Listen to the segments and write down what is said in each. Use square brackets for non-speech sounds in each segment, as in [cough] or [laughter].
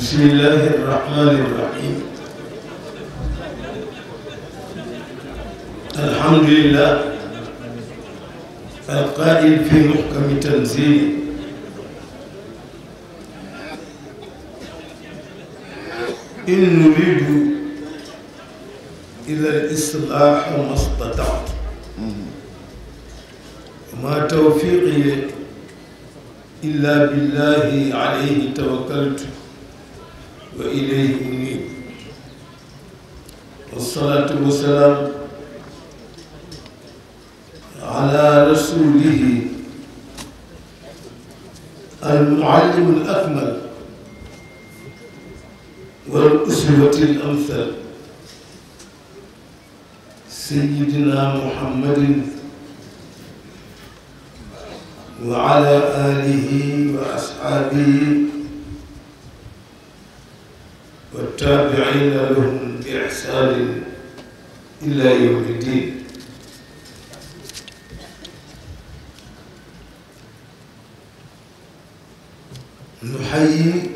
بسم الله الرحمن الرحيم الحمد لله القائل في محكم تنزيله إن نريد إلى الإصلاح ما استطعت وما توفيقي إلا بالله عليه توكلت wa ilayhi unib wasalaatu wasalaam ala rasulihi almuallimu al akmal wal uswati al amthal sayidina muhammadin wa ala alihi wa ashaabihi والتابعين لهم بإحسان إلى يوم الدين نحيي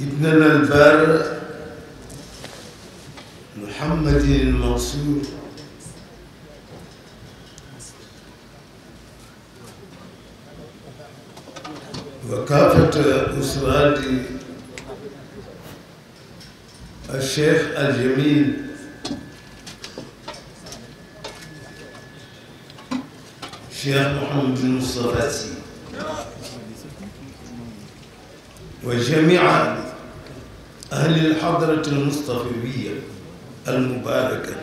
ابننا البارع محمد المنصور وكافة أسرته الشيخ الجميل الشيخ محمد بن مصطفى سي وجميع أهل الحضرة المصطفوية المباركة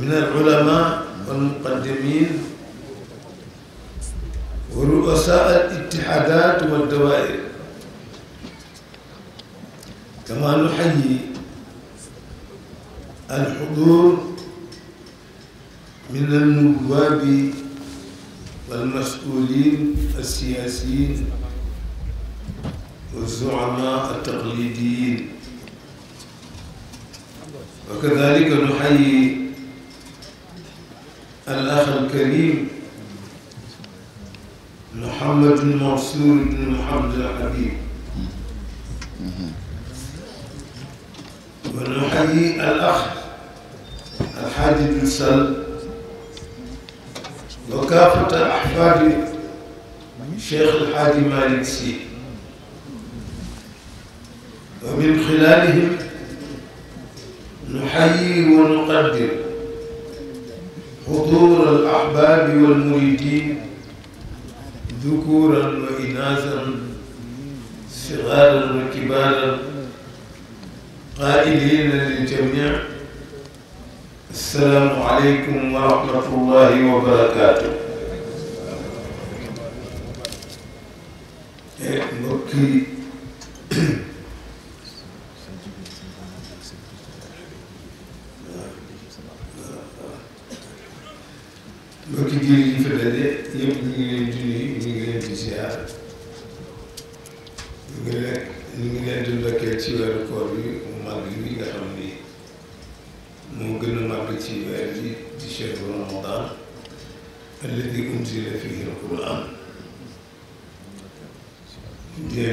من العلماء والمقدمين ورؤساء الاتحادات والدوائر كما نحيي الحضور من النواب والمسؤولين السياسيين والزعماء التقليديين وكذلك نحيي الأخ الكريم محمد المنصور بن محمد الحبيب ونحيي الأخ الحاج بن سلم وكافة أحفاد الشيخ الحاج مالك سي ومن خلالهم نحيي ونقدر حضور الأحباب والمريدين ذكورا وإناثا صغارا وكبارا قائلين للجميع السلام عليكم ورحمة الله وبركاته مبكي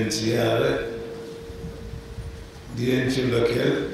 leen ziyaara di leen ci ndokkeel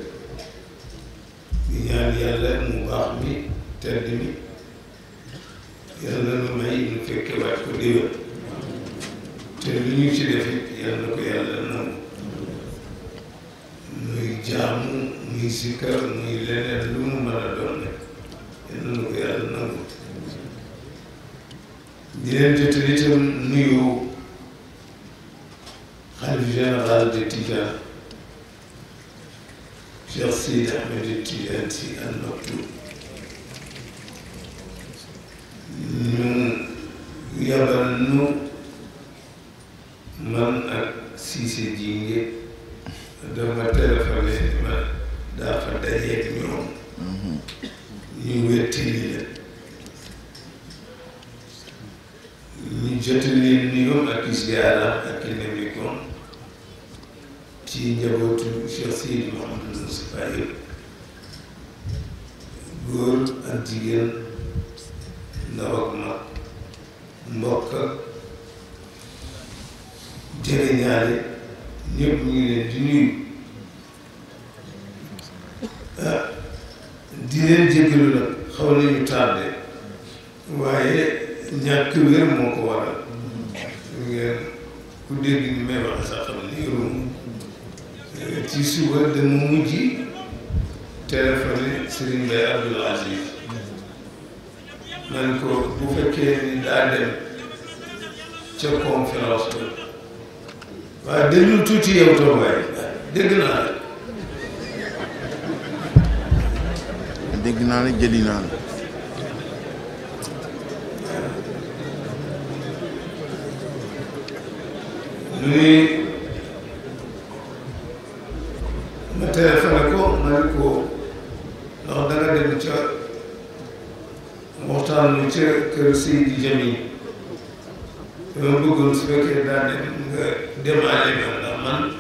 ma demee ndax man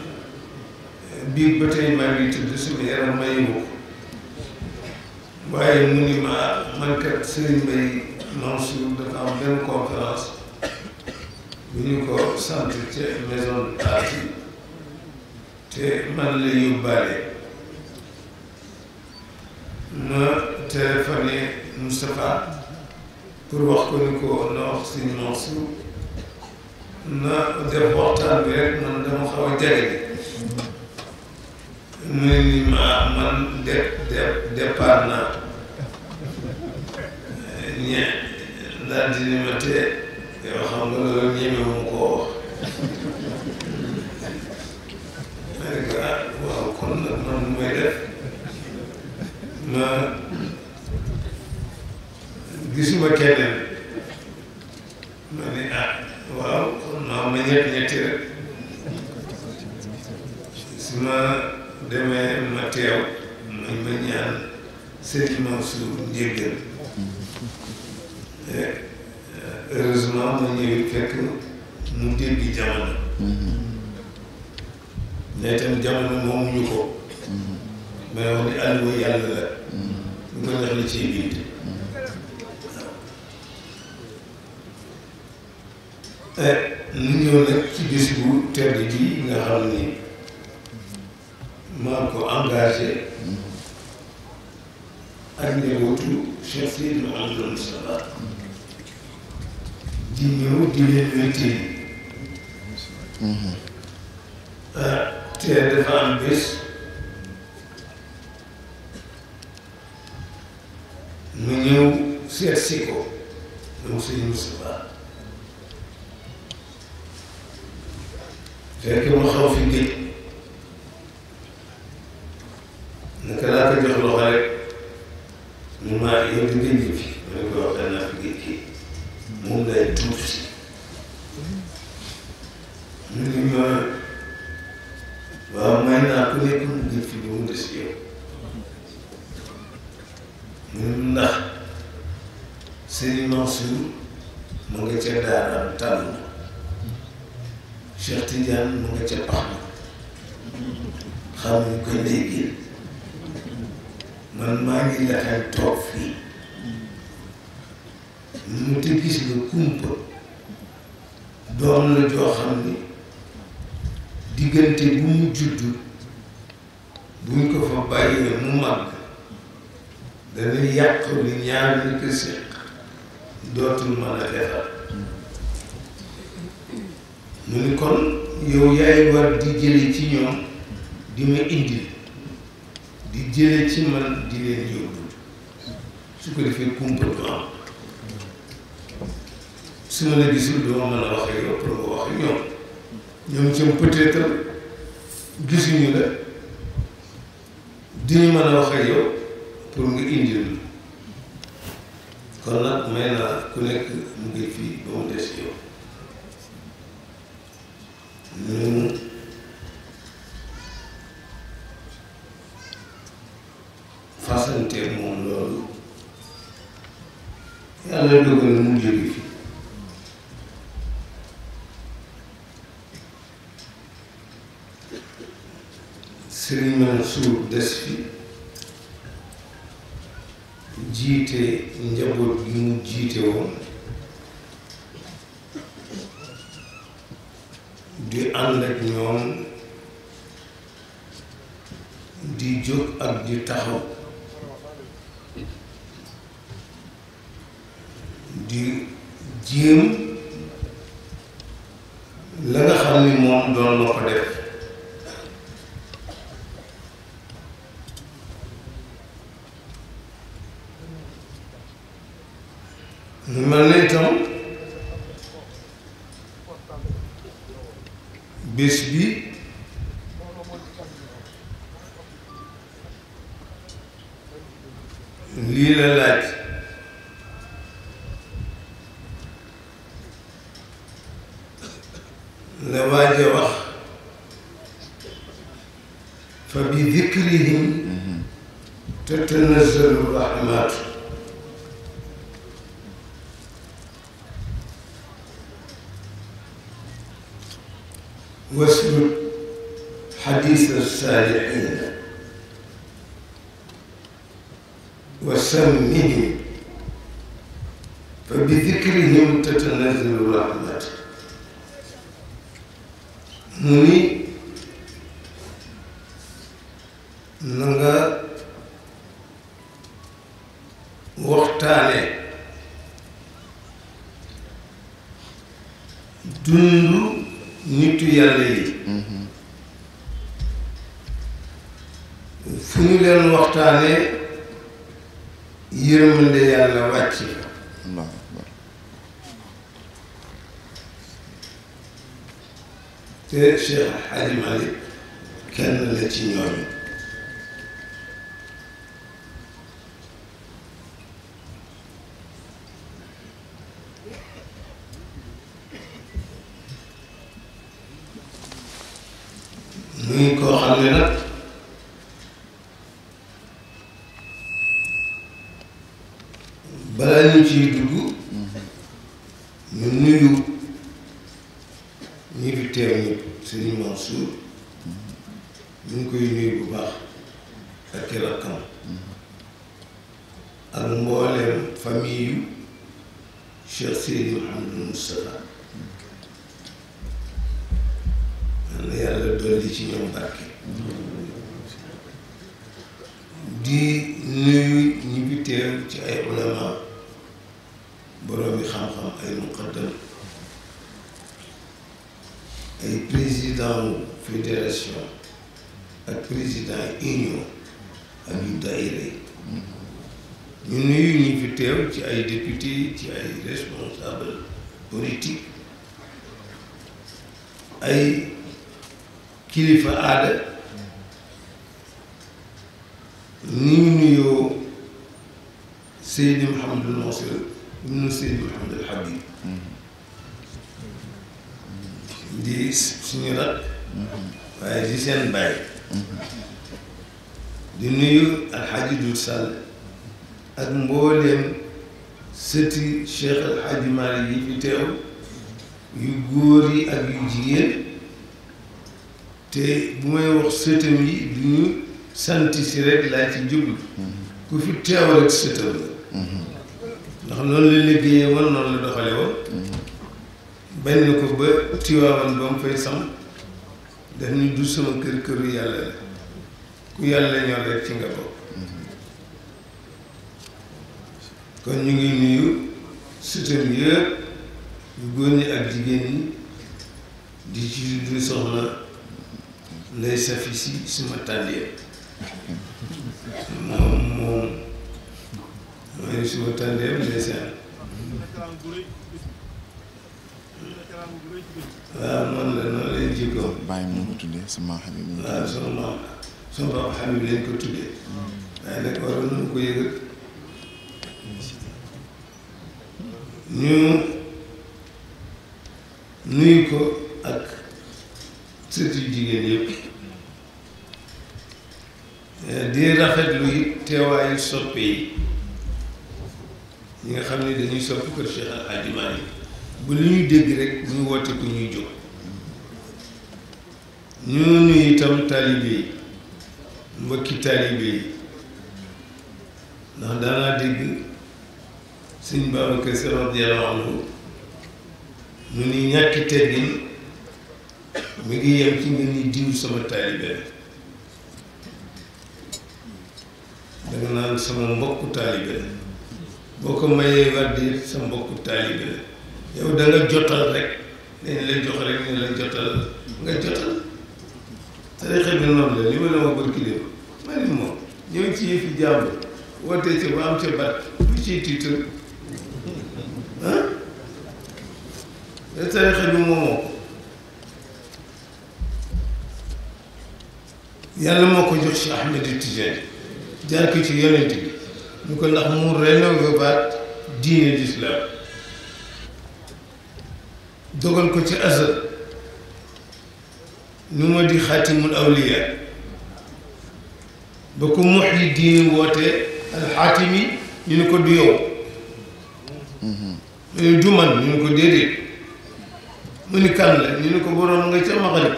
eh, biir ba tey maa ngi tudd sama yaram ma yëngu waaye mu ni ma man kat Serigne Mbaye Mansour dafa am benn conférence bu ñu ko sant ca maison de te man la yóbbaale ma téléphoné Moustapha pour wax ko ni ko na wax Serigne Mansour na def waxtaan bi rek man dama xaw a jege mu ne ni ma man de de départ naa ñe daal di ni ma te yoo xam nga loolu ñeme mu koo wax ma ne ko ah waaw kon nag man mooy def ma gisuma keneen ma ne ah waaw non ma ñett ñetti rek su ma demee ma teew mañ ma ñaan Sëriñ Mansour njéggal eh, heureusement ma ñëwee fekk mu dégg jamono mais tam jamono moomuñu ko mais wax ni yàlla la ñu mm-hmm. ko jox li ciy bind te nu ñëw ci bis bu tedd bii nga xam ni maa ko engagé ak njabootu Cheikh Seydi Mouhamadou Moustapha di ñëw di leen wéttali te dafa am bés mu ñëw si ko moom Seydi Moustapha fekk mu xaw fi géej naka laa ko jox loxo rek mu maa yow di géej ma ne ko wax naa fi géej gi moom lay si mu ni ma waaw may naa ku nekk mu géej fi ba mu des yow mu ndax Serigne Mansour mu nga Cheikh Tidiane mu nga ca pax ma xam nga ko léegi man maa ngi laxal toog fii mu te gis nga kumpa doom la joo xam ni diggante bu mu juddu buñ ko fa bàyyee mu màgg dana yàq li ñaar ñu ko séq dootul mën a defar mu ni kon yow yaay war di jële ci ñoom di ma indil di jële ci man di leen yóbbu su ko defee kumpa du am su ma la gisul duma mën a wax ak yow pour nga wax ñoom ñoom itam peut gisuñu la diñu mën a wax yow pour nga indil kon nag may naa ku nekk mu ngi fii ba mu des yow fasanteer moom loolu yàlla dogal mu jóge fi Sëriñ Mansuur des fi jiite njaboot gi mu jiite woon di ànd ak ñoom di jóg ak di taxaw di jéem la nga xam ni moom doon na ko def mu mel ne itam bés bi li la laaj la waaja الصالحين وسمني balaa ñu ciy dugg ñu nuyu ñi fi teew ñi Sëriñ ñu ngi koy nuyu bu baax ak i rakkam ak mbooleem famille yu Cheikh Seydi Mouhamadou Moustapha man na yàlla dolli ci ñoom barke di nuyu ñi ci ay fédération ak président union ak yu daayira yi ñu nuyu ñi ci ay député ci ay responsable politique ay kilifa aada ni ñu nuyoo Seydi Mouhamadul Nasir ibnu Seydi Mouhamadul Habib di suñu waaye di seen bàyyi di nuyu alxaaji Dut Sall ak mbooleem sëti Cheikh alxaaji Maalik yi fi teew yu góor ak yu jigéen te bu may wax sëtam yi du ñu santi si rek laa ci jublu ku fi teew rek sëtam la ndax noonu la liggéeyee woon noonu la doxale woon bañ na ko ba Tiwaawan ba mu sam daf ni du sama kër këru yàlla la ku yàlla ñor rek ci nga bopp kon ñu ngi nuyu sutam yëpp ñu góor ñi ak jigéen ñi di ci du soxla lay safi si suma tàndee moom moom mooy suma tàndee lay saan waaw noonu la noonu lay jikkoo. bàyyi mu ko tuddee sama xam yi. waaw sama ko tuddee. waaye nag waroon nañu ko yëgal. ñu nuyu ko ak sët jigéen yëpp. Eh, di rafetlu it teewaayu soppe yi nga xam ne dañuy sopp kër Cheikh Al Hadj bu lu ñu dégg rek muy woote ku ñuy jóg ñooñu itam taalibe yi mbokki taalibe yi ndax daanaa dégg suñ Babacar Sy radiyallahu anhu mu ni ñàkki teggin mi ngi yem ci nga ni diw sama taalibe la danga naan sama mbokku taalibe la boo ko mayee wàddi sa mbokku taalibe la yow da la jotal rek dañ la jox rek ne la jotal nga jotal tarixa bi noonu la li ma la ma bër kilé ma ni moom ñëw ci yëfi jàmm woote ci ba am ca bat bu ciy tiital ah da tarixa bi moomoo ko yàlla moo ko jox si Ahmed Tidiane jaar ko ci yonent bi ñu ko ndax mu rénové baat diine l'islam dogal ko ci asal ñu ma di xaatimul awliya ba ko mox yi diini woote alxaatimi ñu ne ko du yow mhm. ne du man ñu ne ko déedéet mu ni kan la ñu ne ko boroom nga ca maxarib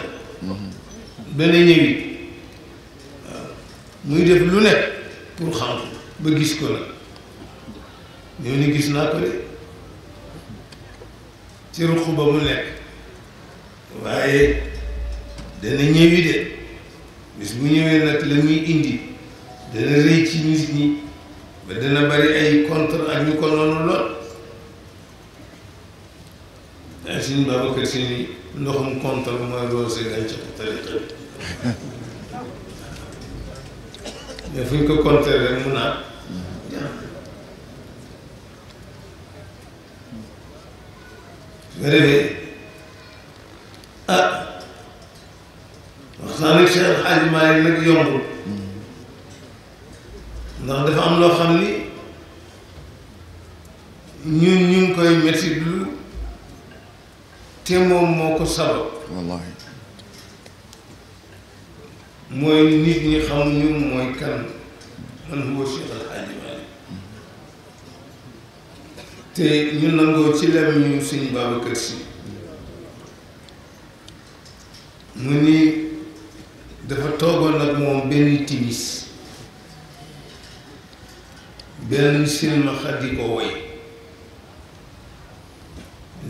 dana mhm. ñëwi waaw muy def lu nekk pour xam ba gis ko la ñëw ni gis naa ko de ci ruq ba mu nekk waaye dana ñëwi de bis bu ñëwee nag la muy indi dana rëy ci nit ñi ba dana bari ay contre ak ñu ko noonu lool daa Si ndoxum contre mooy loolu sa gàncaxu tariqa [laughs] bi mais fu ñu ko contre rek mu naa nga defee ah waxtaan ak Cheikh Hadj nag yombul ndax dafa am loo xam ni ñun ñu koy métti lu te moom moo ko sabab wallaahi mooy nit ñi xamuñu mooy kan man huwa Cheikh Al te ñu nangoo ci làmmiñu Sëñ Babacar Si mu ni dafa toogoon ak moom benn timis benn silma xaddi ko woy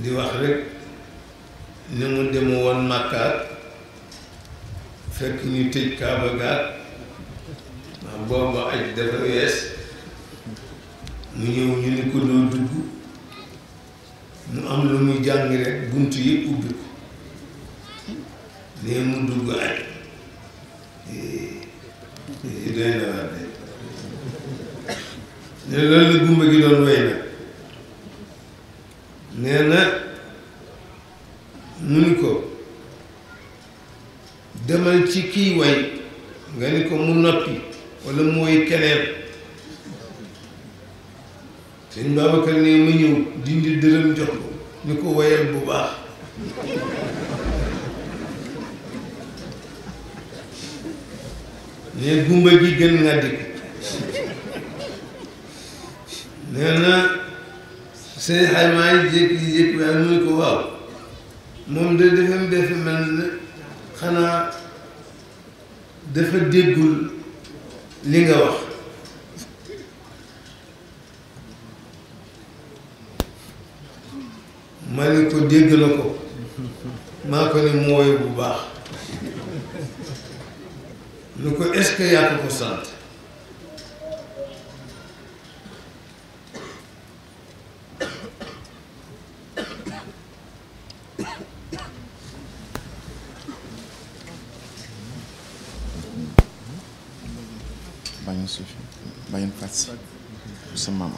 di wax rek ni mu demu woon màkkaat fekk ñu tëj kaaba gaat aj dafa wees mu ñëw ñu ni ko doo dugg mu am lu muy jàng rek bunt yëpp ubbi ko nee mu dugg ak ne loolu la gumba gi doon way nag nee na mu ni ko demal ci kii way nga ni ko mu noppi walla mu way sëñ Babacar ne ma ñëw dindi dërëm jox ko ni ko woyal bu baax ne gumba gi gën nga dikk nee na sëñ xaymaa yi jékki-jékki ko waaw moom de defam defe mel ne xanaa dafa déggul li nga wax ma ne ko dégg na ko maa ko ne mooy bu baax lu ko est-ce ko sant bañ suuf bañ fàcc sa am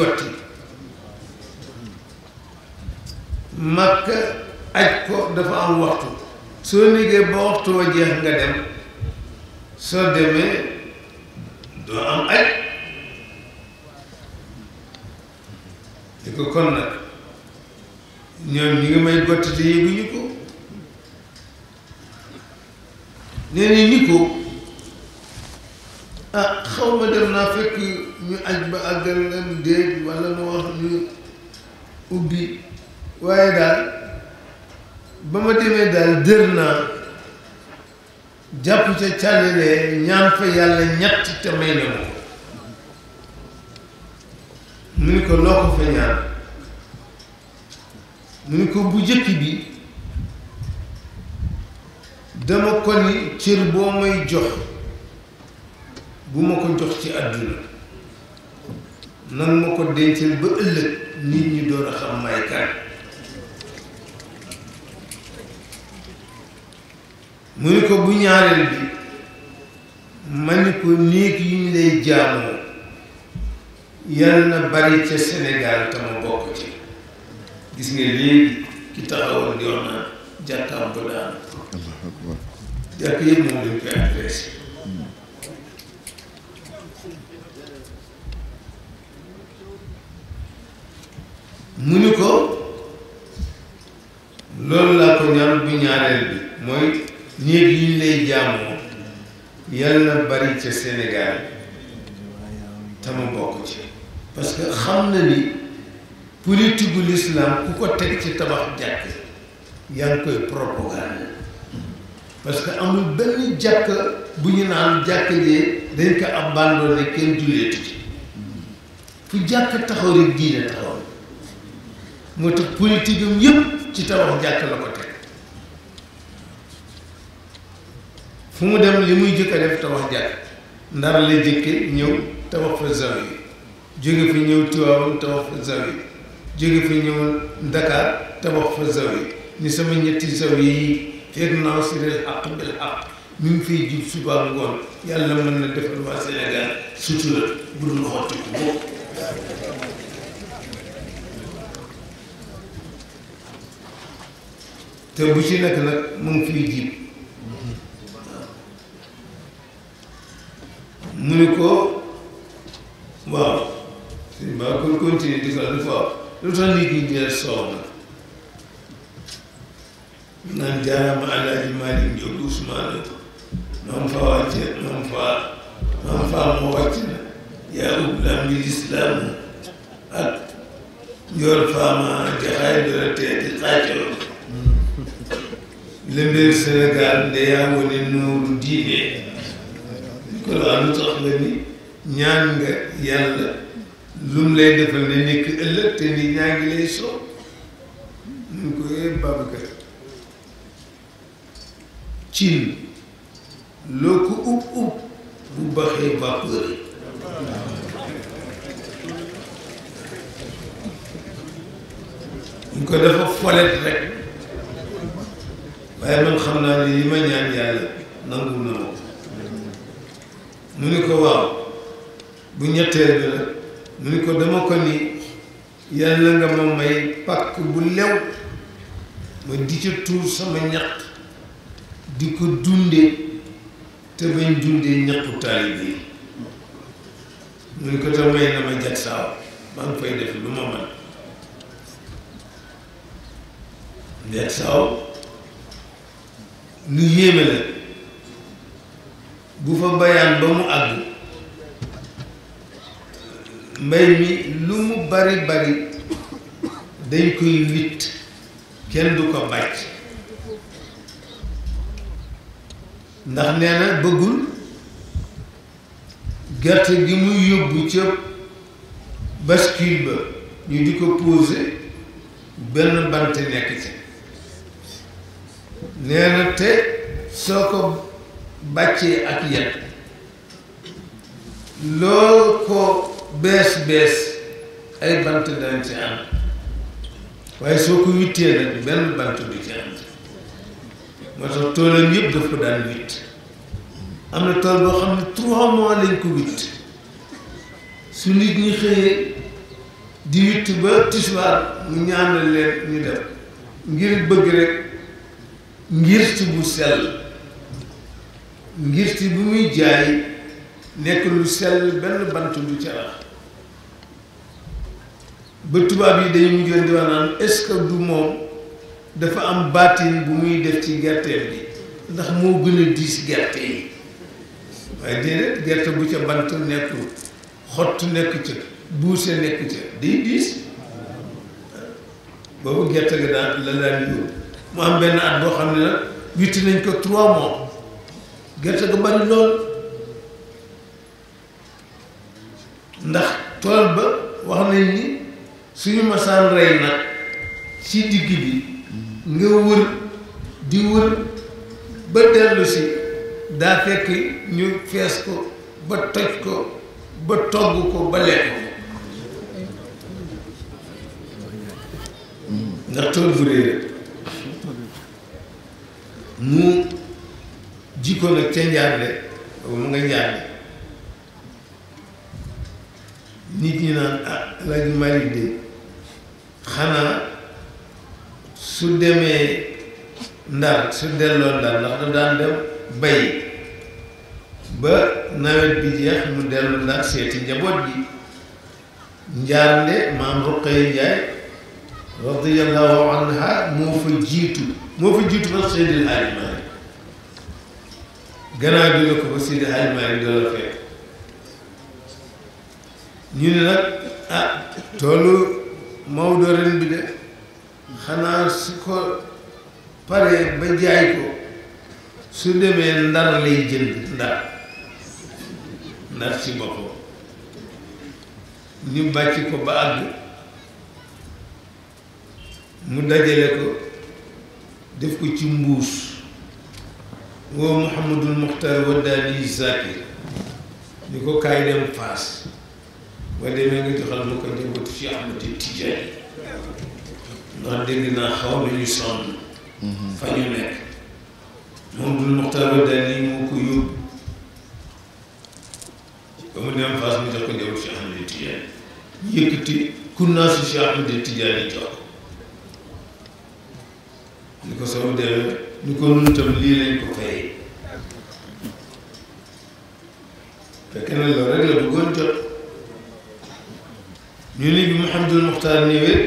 gotti makka aj ko dafa am waxtu soo liggéey ba waxtu wa jeex nga dem soo demee doo am aj li ko kon nag ñoom ñi ngi may gotti te yëguñu ko nee ni ko ah xaw ma dem naa fekk ñu aj ba àggal leen déeg wala ma wax ñu ubbi waaye daal ba ma demee daal dër naa jàpp ca càllilee ñaan fa yàlla ñett te may na ma ko mu ni ko loo ko fa ñaan mu ni ko bu jëkk bi dama ko ni cër boo may jox bu ma ko jox ci àdduna nan ma ko dencal ba ëllëg nit ñi door a xam may kan mu ni ko bu ñaareel bi ma ni ko néeg yi ñu lay jaamoo yal na bari ca Sénégal te ma bokk ci gis nga léegi ki taxawoon di wax naan jàkkaam bu daanu jàkk yëpp moom lañ koy adressé mu ni ko loolu laa ko ñaan bu ñaareel bi mooy néeg yi ñu lay jaamoo yàlla na bari ca Sénégal te ma bokk ci parce que xam na ni politique gu ku ko teg ci tabax jàkk yaa ngi koy propagande parce que amul benn jàkk bu ñu naan jàkk jee dañ ko abandonné kenn julleetu ci fu jàkk taxaw rek diine taxaw moo tax politique am ci tabax jàkk la ko teg fu mu dem li muy jëkk a def tabax jàkk ndar la jëkke ñëw tabax fa zawiya jóge fa ñëw Tiwaawan tabax fa zawiya jóge fa ñëw Ndakaar tabax fa zawiya ni sama ñetti zawiya yi feeg naa si rek àq bil àq mi ngi fay jub subaa ngoon yàlla mën na defal waa Sénégal sutura bu dul xotti ko te bu ci nekk nag mu ngi fiy jiib mu ni ko waaw suñ baa kon continuer di ko di ko lu tax nit ñi deel soow nag naan jaaraama Alaaji Maalik Jóob Usmaan fa wàcce moom fa moom fa moo wàcc na yaa ublam bi lislaam ak njool faama jaxaay dara tee di xaajoo le maire Sénégal nde yaa wone nooru diine ko loolu lu tax la ni ñaan nga yàlla lu mu lay defal ne nekk ëllëg te ni ñaa ngi lay soow loo ko ub ub bu baxee vapeur rek waaye man xam naa ne li ma ñaan yàlla nangu na mu ni ko waaw bu ñetteel bi la mu ni ko dama ko ni yàlla nga ma may pàkk bu lew ma di ca tuur sama ñaq di ko dunde te bañ dunde ñaqu taalibe mu ni ko te may na ma jag saaw maa ngi def lu ma man jag lu yéeme la bu fa bayaan ba mu àgg mbay mi lu mu bari bari dañ koy witt kenn du ko bàcc ndax nee na bëggul gerte gi muy yóbbu ca bascule ba ñu di ko posé benn bant nekk ci nee na te soo ko bàccee ak yet lool ko bees bees ay bant dañ ci am waaye soo ko wittee nag benn bant du ci am na tool boo xam ne trois mois lañ ko witt su nit di witt ba tisbaar mu ñaanal leen ñu def ngir bëgg rek ngirti bu sell ngirti bu muy jaay nekk lu sell benn bant du ca la ba tubaab yi dañu mujjoon di wax naan est-ce que du moom dafa am baatin bu muy def ci gerteem bi ndax moo gën a diis gerte yi waaye déedéet gerte bu ca bant nekkul xott nekk ca buuse nekk ca day diis boobu gerte ga daan la daan yóbbu mu am benn at boo xam ne nag witti nañ ko trois mois gerte ga bari lool ndax tool ba wax nañ ni suñu masaan rey nag ci digg bi nga wër di wër ba dellu daa fekk ñu fees ko ba toj ko ba togg ko ba lekk ko ndax tool bu réer mu jikko nag ca njaarle boobu mu nga njaarle nit ñi naan ah la ñu de xanaa su demee ndar su delloo ndar ndax da daan dem bay ba nawet bi jeex mu dellu ndar seeti njaboot bi njaarle maam Ruqaye Njaay radiyallahu anha moo fa jiitu moo fa jiitu nag Seydil Haaji Maalik gannaaw bi ko fa Seydil Haaji Maalik doo la fekk ñu ne nag ah toolu Maodo ren bi de xanaa su ko paree ba jaay ko su demee ndar lay jënd ndar ndar si boppam ñu bàcc ko ba àgg mu dajale ko def ko ci mbuus woo Mouhamadul Muxtar Waddaali Zakir ni ko kaay dem faas ba demee nga joxal ma ko njabootu ci Ahmadu Tijaan ndax dégg naa xaw nañu sonn mhm. fa ñu nekk moom dul Muxtar Waddaali moo ko yóbbu ba mu dem faas mu jox ko njabootu ci Ahmadu Tijaan yëkkati kunnaasu ci Ahmadu Tijaan jox ni ko soo demee ni ko nun tam lii lañ ko fayee fekk na loolu rek la bëggoon jot ñu ni bi Mouhamadul Muxtaar ñëwee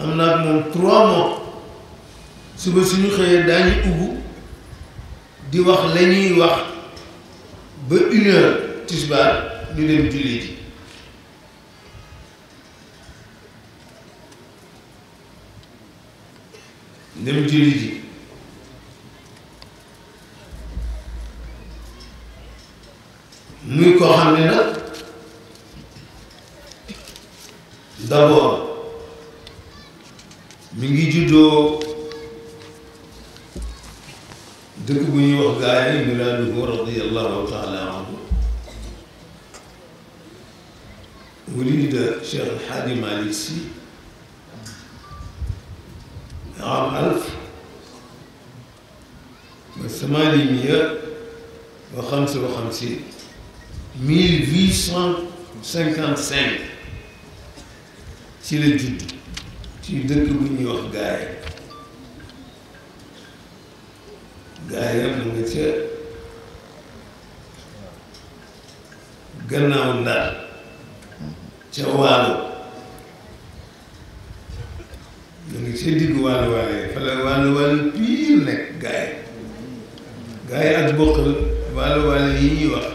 am naa ak moom trois mois suba suñu xëyee daañu ubbu di wax la ñuy wax ba une tisbaar ñu dem julli ji dem julli ji muy koo xam ne nag d'abord mi ngi juddoo dëkk bu ñuy wax gaa yi milaaduhu radiallahu taala anhu wulida Cheikh Alhaaji Malick Sy عام ألف وثمانمائة وخمسة وخمسين 1855 ci la judd ci dëkk bu ñuy wax gaay gaayam mu nga ca gannaaw ndar ca waalo ñu ngi ci diggu wàllu waaye fa la wàllu wàllu piir nekk gaay gaay ak bokkal wàllu wàllu yi ñuy wax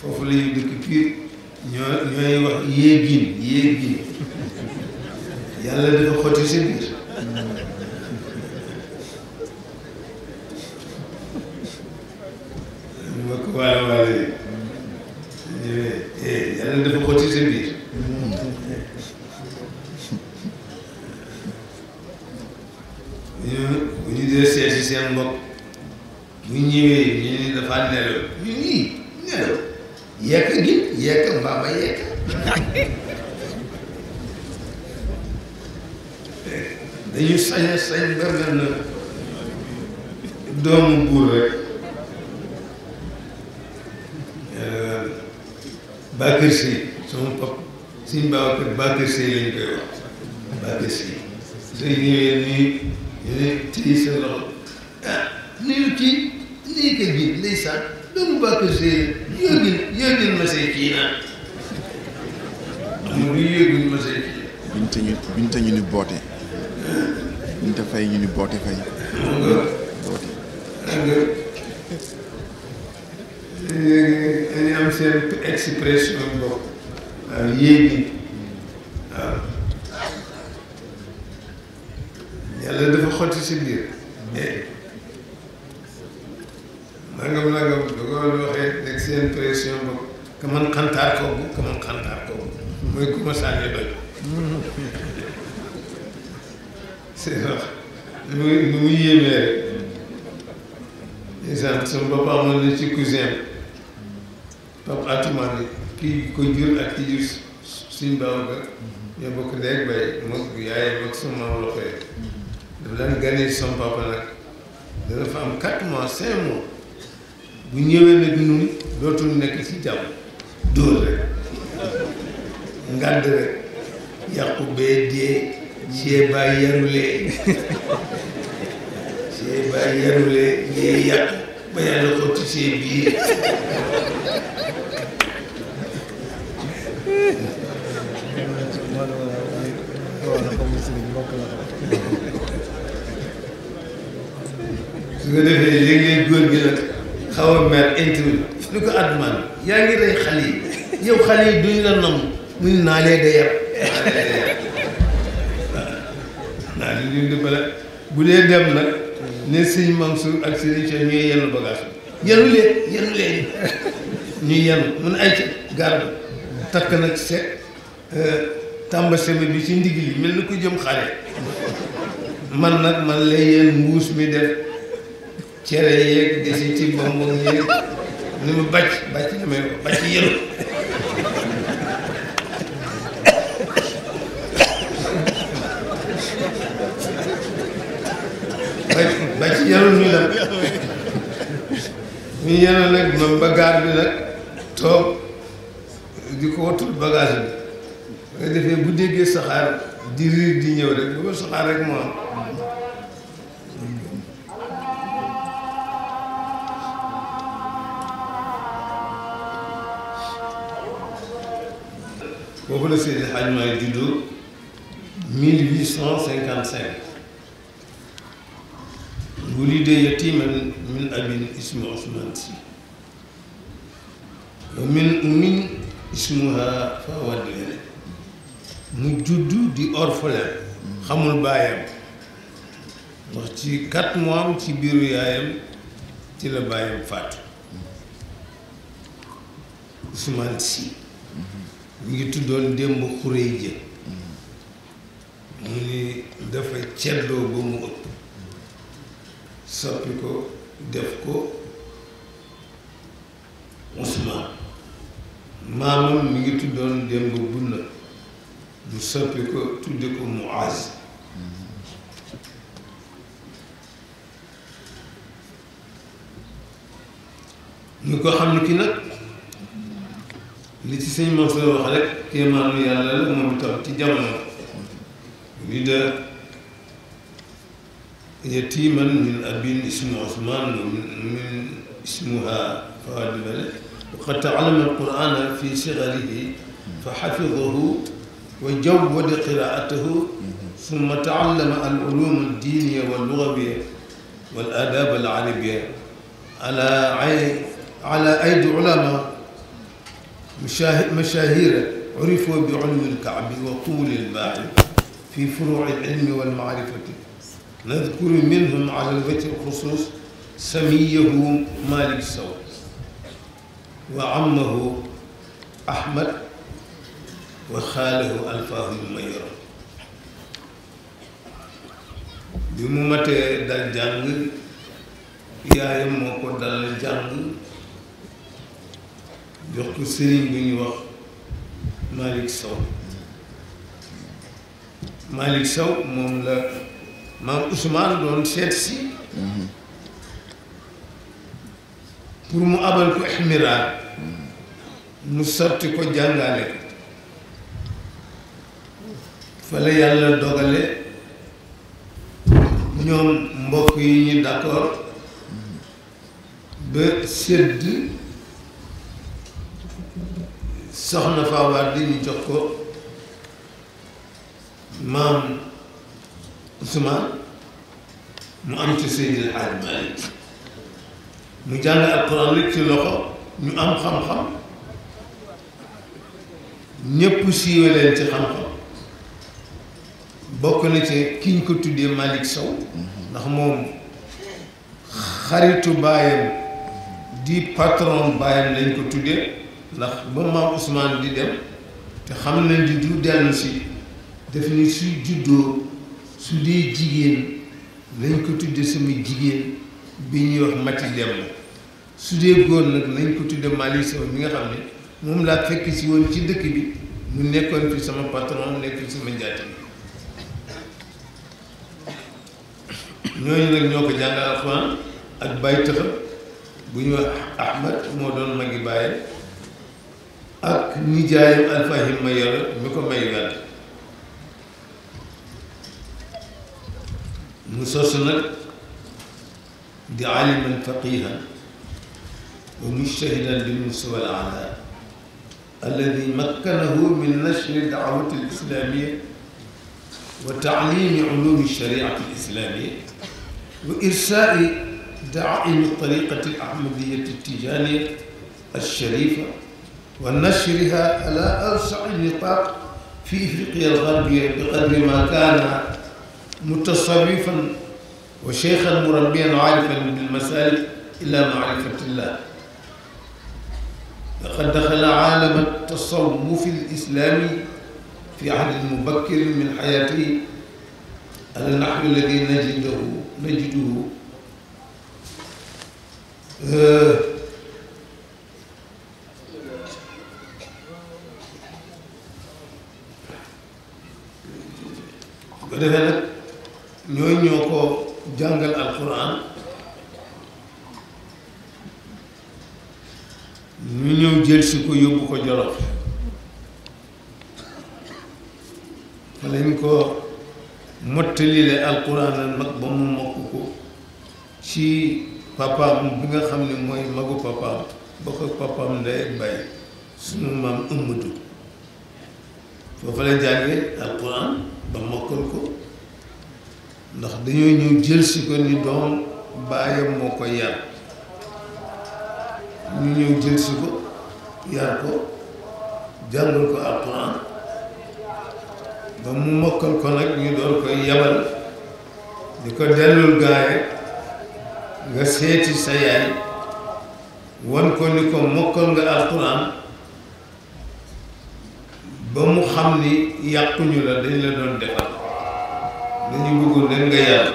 foofu la ñu piir ñoo ñooy wax yéegin yéegin yàlla dafa xotti seen biir ñu yeneen nag ñoom bagage bi nag toog di ko wattul bagage bi nga defee bu déggee saxaar di riir di ñëw rek bu ko saxaar rek moo amul baayam ndax ci quatre mois ci biiru yaayam ci la baayam faatu Ousmane Sy mu ngi tuddoon démb xurey jë mu ni dafa ceddoo ba mu ëpp soppi ko def ko Ousmane maamam mi ngi tuddoon démb bunna mu soppi ko tudde ko Muaz ñu ko xam ne kii nag li ci sëñ Mansour wax rek kéemaanu yàlla la moom itam ci jamono bi da yatiman min abin ismu Usmaan min ismuha Fawad Bale waqad ta'allama al-Qur'ana fi sigarihi fa xafidahu wa jawwada qiraatahu summa ta'allama al-ulum ad-diiniya wal-lugawiyya wal-aadaab al-arabiyya ala ala aydi ulama mashahira urifo bi ulumi lkaabi wa quwuli lbaari fi furui lilmi walmaarifati nadkuru minhum ala lwajhi lxusus samiyahu malik sow wa ammahu ahmad wa xaalahu alfaahu mayoro bi mu matee dal jàng yaayam moo ko dal jàng jox ko sëriñ bu ñuy wax Malick Sow Malick Sow moom la maam Ousmane doon seet si pour mu abal ko ihmiraat mu sotti ko jàngale ko fa la yàlla dogale ñoom mbokk yi ñu d'accord ba sedd soxna faawaat li ñu jox ko maam Ousmane mu am ci Seydil Hadj Malick mu jàng alquran rek ci loxo ñu am xam-xam ñépp siiwe ci xam-xam bokk na ci ki ko tuddee Malick Sow ndax moom xaritu baayam di patron baayam lañ ko tuddee ndax ba maam Ousmane di dem te xam nañ di du dellu si def ni suy juddoo su dee jigéen nañ ko tudde sama jigéen bi ñuy wax mati dem la su dee góor nag nañ ko tudde Mali Sow mi nga xam ne moom laa fekk si woon ci dëkk bi mu nekkoon fi sama patron mu nekk fi sama njaati ñooñu nag ñoo ko jàngal alxuraan ak bàyyi tëxam bu ñuy wax Ahmad moo doon magi bàyyi ak nijaayam alfahim ma yore mi ko may wel mu sosu nag di aliman faqihan wa mujtahidan bi mustawa al aala alladi makkanahu min nashri daawati al islamia wa taalimi ulumi shariati al islamia wa irsaai daaimi tariqati al ahmadiyati al tijaniya al sharifa wa nashriha ala awsai nitaaq fi ifriqiya algarbiya bi qadri ma kaana mutasarrifan wa cheikhan murabbiyan aarifan bil masalik ila maarifatillah laqad daxala aalama tasawwufi alislami fi ahdin mubakkirin min xayaatihi ala naxwi alladi najiduhu najiduhu ko defee nag ñooy ñoo ko jàngal alquran ñu ñëw jël ko yóbbu ko Jolof fa lañ ko mottalile alquran la mag ba mu mokk ko ci papaam bi nga xam ne mooy magu papaam bokk ak papaam ndey ak baay sunu maam ëmmadu foofu la jànge alquran ba mokkal ko ndax dañoo ñëw jël ko ni doom baayam moo ko yar ñu ñëw jël ko yar ko jàngal ko alxuraan ba mu mokkal ko nag ñu doon koy yabal di ko dellul gaaye nga seeti sa yaay wan ko ni ko mokkal nga alxuraan ba mu xam ni yàquñu la dañ la doon defal dañu bëggoon leen nga yàlla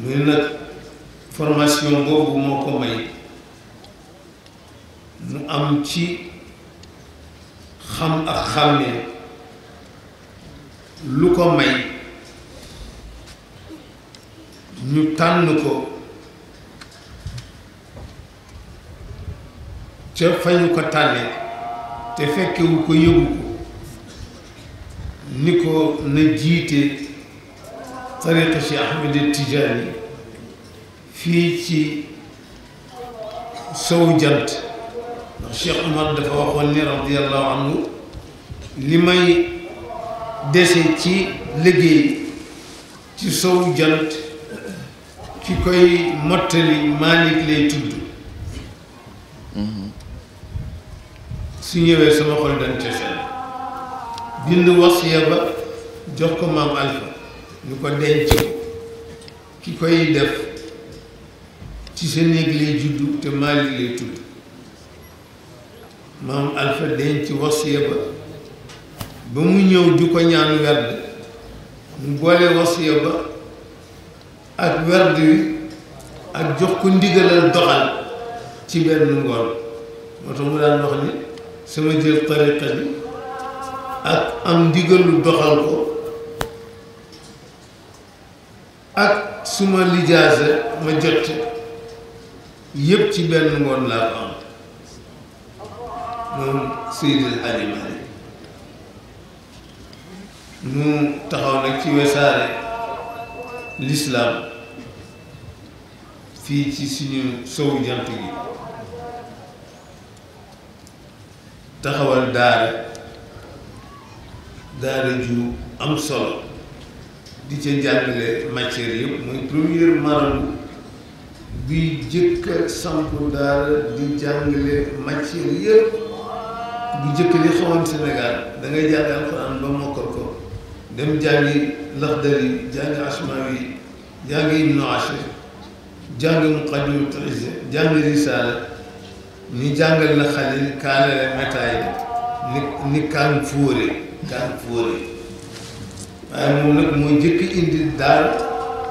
mu ne nag formation boobu moo ko may mu am ci xam ak xam ne lu ko may ñu tànn ko ca fa ñu ko tànnee te fekkewu ko yëgu ko ni ko na jiite tariqa ci Ahmed Tidiane fii ci sowu jant ndax Cheikh Omar dafa waxoon ni radiyallahu anhu li may dese ci liggéey ci sowu jant ki koy mottali Malick lay tudd su ñëwee sama xol dañ ca sell bind wasiya ba jox ko maam Alpha ñu ko denc ki koy def ci sa néeg lay juddu te Mali lay tudd maam Alpha denc wasiya ba ba mu ñëw di ko ñaan werd mu boole wasiya ba ak werd wi ak jox ko ndigalal doxal ci benn ngoon moo mu daan wax ni sama jël tariqa bi ak am ndigalu doxal ko ak suma lijaase ma jot yépp ci benn ngoon laa ko am moom Seydil Hadji Malick mu taxaw nag ci wesaare lislaam fii ci suñu sowu jant gi taxawal daara daara ju am sol di ca jàngale matière yëpp mooy première marabout bi jëkk a sampu daara di jàngale matière yëpp bu jëkk li xawoon Sénégal da ngay jàng alxuraan ba mokkal ko dem jàngi Laxdari jàngi Asmaawi jàngi Ibnu Ashir jàngi Muqaddimatul Izza jàngi Risaala ni jàngal na xale kaanale ataay ni ni kaan fóore kaan fóore waaye moom nag mooy njëkk indi daal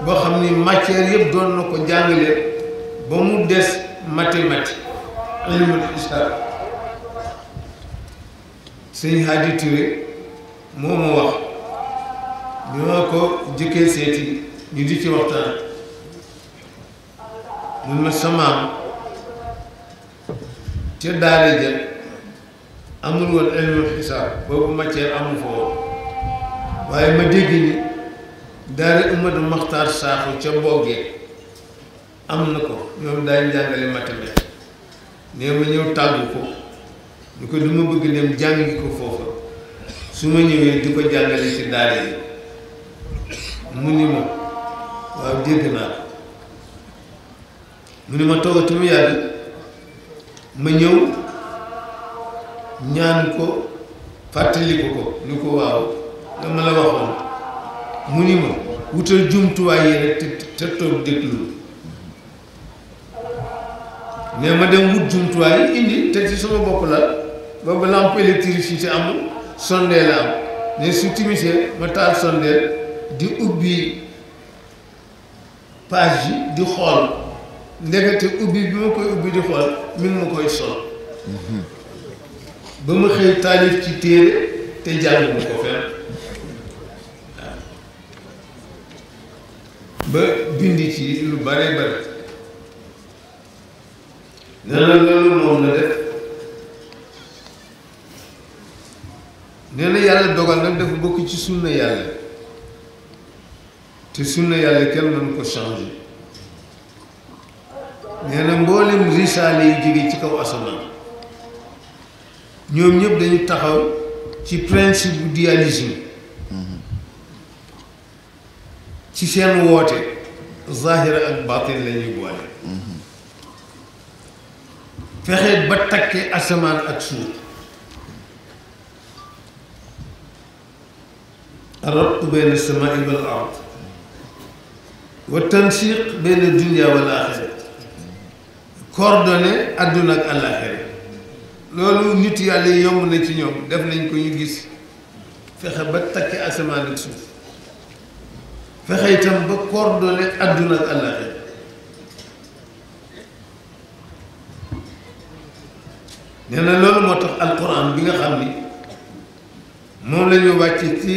boo xam ni matière yëpp doon na ko jàngale ba mu des mathématique ilmul hisaab sëñ Hadi Touré moo ma wax bi ko jëkkee seeti ñu di ci waxtaan mun ma samaam ca daara ja amul woon ilmu xisaab boobu matière amul fa waaye ma dégg ni daara Umadu Maxtaar Saaxu ca Mbogge am na ko ñoom daañu jàngale mathématique nee ma ñëw tàggu ko ñu ko duma bëgg dem jàngi ko foofa su ma ñëwee di ko jàngale ci daara yi mu ni ma waaw dégg naa ko mu ni ma toog tamit yàgg ma ñëw ñaan ko fàttaliku ko ni ko waaw nga ma la waxoon mu ni ma wutal jumtuwaay yi rek te te toog déglu mais ma dem wut jumtuwaay yi indi te ci sama bopp la boobu lampe électricité amul sondeel la am mais su timisee ma taal sondeel di ubbi page yi di xool ndegete ubbi bi ma koy ubbi di xool mi ngi ma koy sol ba ma xëy taalif ci téere te jàng ma ko fenn ba bind ci lu bare bare nee na loolu moom la def nee na yàlla dogal nag dafa bokk ci sunna yàlla te sunna yàlla kenn mënu ko changer nee na mboolem risaale yi jóge ci kaw asamaan ñoom ñëpp dañu taxaw ci principe du dualisme ci seen woote zahira ak batin la boole fexe ba takkee asamaan ak suuf arabtu bayna samaai wal ard wa tansiq bayna dunia wal axira coordonné àdduna ak àllaaxira loolu nit yàlla yi yomb na ci ñoom def nañ ko ñu gis fexe ba takki asamaan ak suuf fexe itam ba coordonné àdduna ak àllaaxira nee na loolu moo tax alquran bi nga xam ni moom la ñu wàcc ci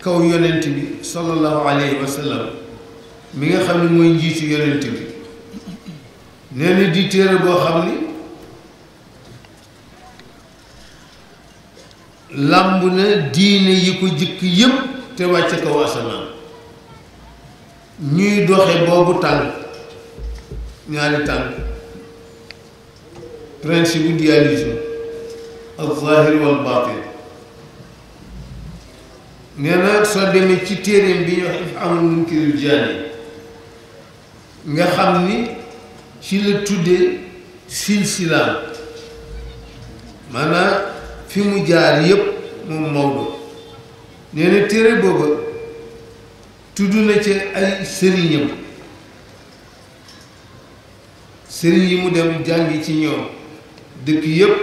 kaw yonent bi sallallahu alayhi wa sallam mi nga xam ni mooy njiitu yonent bi nee na di téere boo xam ni làmb na diine yi ko jikk yépp te wàcce ko asamaan ñuy doxe boobu tànk ñaari tànk principe du dualisme al zahir wal batin soo demee ci téereem bi ñu wax if amul munkirul jaani nga xam ni ci la tuddee silsilaam maanaam fi mu jaar yépp moom Maodo nee na téere booba tudd na ci ay sëriñam sëriñ yi mu dem jàngi ci ñoom dëkk yépp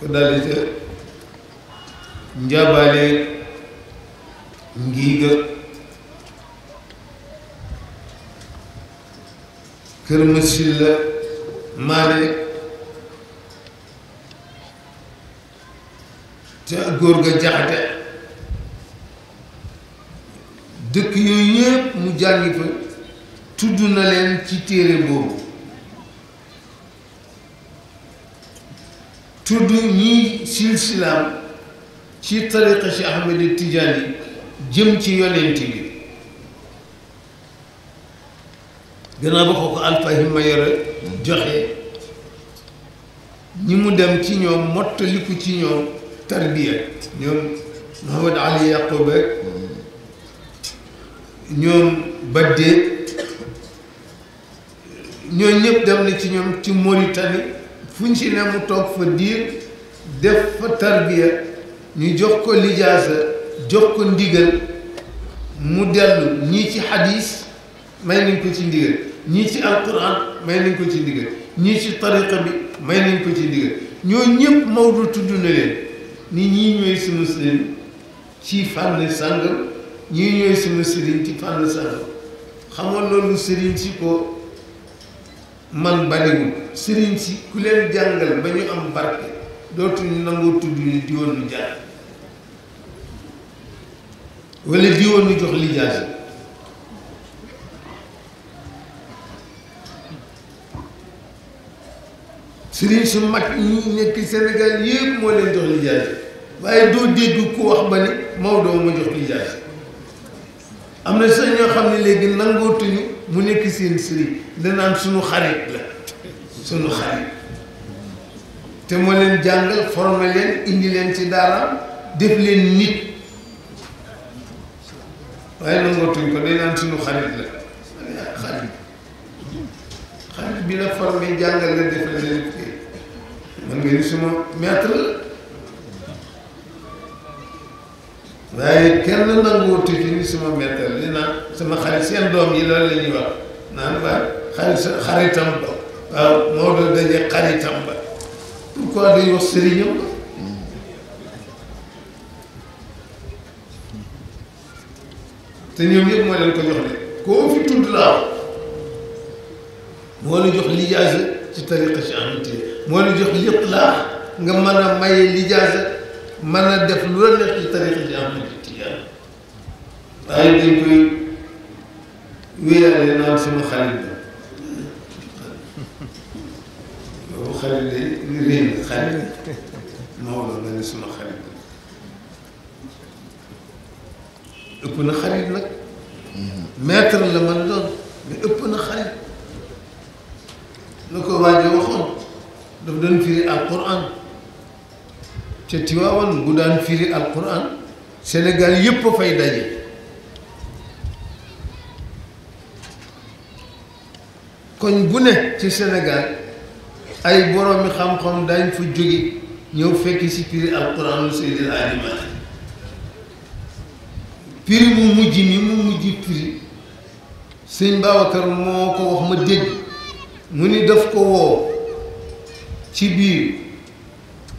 ko daldi ca njabaalee ngiiga kër Massil la Maare góor ga jaxate dëkk yooyu yëpp mu jàngi fa tudd na leen ci téere boobu tudd ñii silsilaam ci tariqa si Ahmed Tidiane jëm ci yonent bi gannaaw ba ko ko alfahim ma yore joxe ñi mu dem ci ñoom mottaliku ci ñoom tarbiya ñoom Mouhamad Ali Yaquba ñoom Badde ñooñu ñëpp dem na ci ñoom ci Mauritanie fu ñu si ne mu toog fa diir def fa tarbiya ñu jox ko lijaasa jox ko ndigal mu dellu ñii ci xadis may nañ ko ci ndigal ñii ci alquran may nañ ko ci ndigal ñii ci tariqa bi may nañ ko ci ndigal ñoo ñëpp Maodo tudd na leen ni ñii ñooy sunu sëriñ ci fànn sàngam ñii ñooy sunu sëriñ ci fànn sàngam xamoon loolu sëriñ si ko man bariwul sëriñ si ku leen jàngal ba ñu am barke dootuñu nangoo tudd ni di woon lu jàng jox lijaasa sëriñ su mag ñi nekk Sénégal yëpp moo leen jox lijaasa waaye doo dégg ku wax ba ni Maodo ma jox lijaasa am na sax ñoo xam ne léegi nangootuñu mu nekk seen sëriñ danaan suñu xarit la suñu xarit jàngal formé ci daaraam def leen nit waaye nangootuñ ko danaan bi la formé jàngal la defal leen man nga ni suma maître la waaye kenn nanguwut ci ni suma maître li naan sama xarit seen doom yi loolu la ñuy wax naan waaw xarit sa xaritam ba waaw moo doon daje xaritam ba te ñoom yëpp moo leen ko jox ne koo fi tudd laa moo la jox lijaasa ci tariqa si amati moo la jox lépp laax nga mën a maye lijaasa mën a def lu la nekk yi am na tijaan waaye dañ koy wéyaale naan sama xarit la boobu xarit de li na xarit la ëpp na xarit nag maître la man doon mais ëpp na xarit lu ko waaj waxoon daf doon firi alquran ca Tiwaawan bu daan firi alquran Sénégal yépp a fay daje koñ bu ne ci Sénégal ay boroomi xam-xam dañ fa jóge ñëw fekk ci firi alquran lu Seydil Hadji Malick firi mu mujj ni mu mujj firi sëñ Babacar moo ko wax ma dégg mu ni daf ko woo ci biir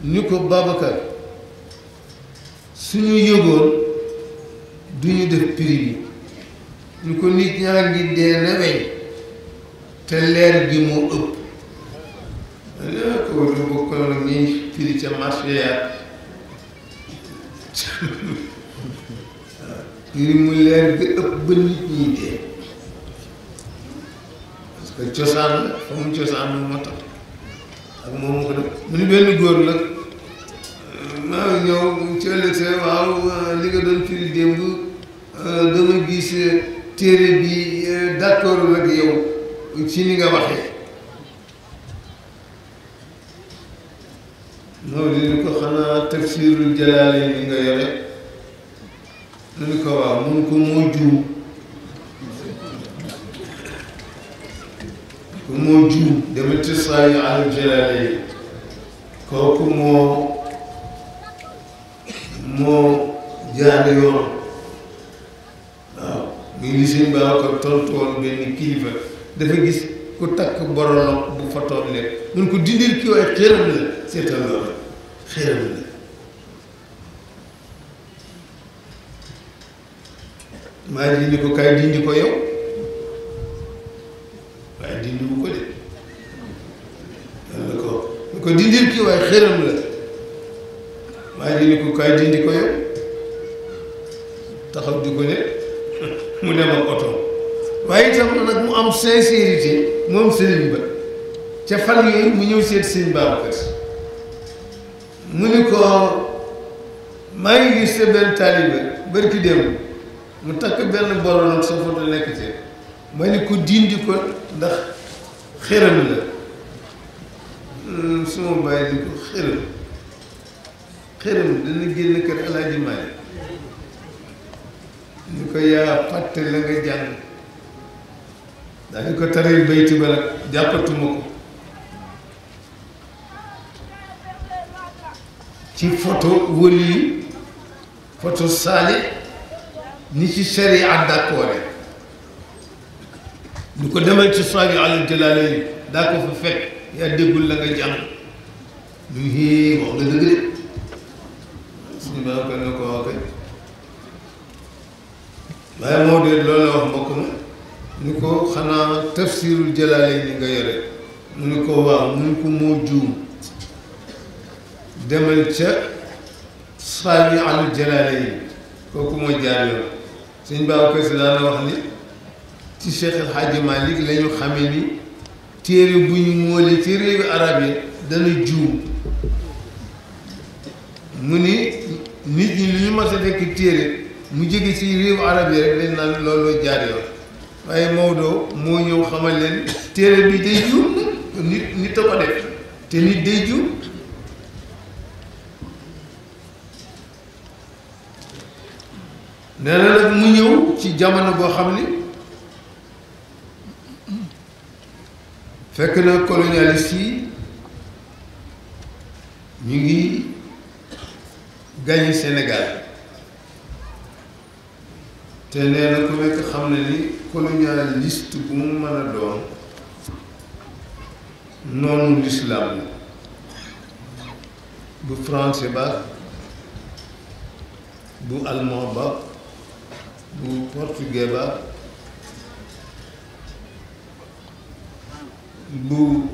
ñu ko Babacar suñu yëgoon du ñu def prix bi ñu ko nit ñaa ngi dee na te leer gi moo ëpp léegi eh, ko du bokkoon ak ñuy prix ca marché yaa prix mu leer gi ëpp ba nit ñi dee parce cosaan la fa mu cosaan moo tax ak moom moo ko def mu ni benn góor la maa ngi ñëw ci ëllëg sa waaw li nga doon firi démb euh, dama gis euh, téere bi euh, d'accord ak yow ci ni nga waxee moo di ni ko xanaa tafsirul jalaale ni nga yore mu ni ko waaw mun ko moo juum moo juum dama tisaay alal jalaale kooku moo moo jaane yoon waaw muy li sëñ baa ko tontoon benn kilifa dafa gis ku takk borolog bu fa toog mun ko dindil kii waaye xéeram la seetal loolu xéeram la maa dindi ko kay dindi ko yow waaye dindi bu ko de dan la ko lu ko dindil ki waaye xëram la waaye dindi ko kaay dindi ko yow taxaw di ko ne [laughs] mu demal oto waaye itam nag mu am sincérité moom sëriñ ba ca fan yooyu mu ñëw seet sëriñ Babacar mu ni ko maa ngi gis sa benn taalibe barki démb mu takk benn boroon sa photo nekk ci ma ni ku dindi ko ndax xëral la hmm, suma bàyyi di ko xëral xëral dana génn kër alaaji Maalik ni ko yaa fàtte nga jàng dañu ko taril bayti ba nag jàppatuma ko ci photo wëli yi photo saali ni ci sharia d'accord lu ko demal ci soñu alal jëlaale yi daa ko fa fekk yaa déggul la nga jàng ñu hii wax nga dëgg suñu baa ko ne ko wax waaye moo de loolu la wax mbokk ma ni ko xanaa tafsirul jëlaale yi nga yore mu ni ko waaw mu ko moo juum demal ca soñu alal jëlaale yi kooku moo jaar yoon suñ baa ko si daana wax ni ci Cheikh El Hadj Malick la ni téere bu ñu móole ci réewi arab yi dana juum mu ni nit ñi lu ñu mas a fekk téere mu jóge ci réewu arab yi rek dañ naan looloo jaar yoon waaye Maodo moo ñëw xamal leen téere bi day juum nit nit a def te nit day juum nee na mu ñëw ci jamono boo xam ni fekk na colonialiste yi ñu ngi gagné Sénégal te nee na nekk xam na ni colonialiste bu mu mën a doon noonu l'islam bu français ba bu allemand ba bu portugais ba bu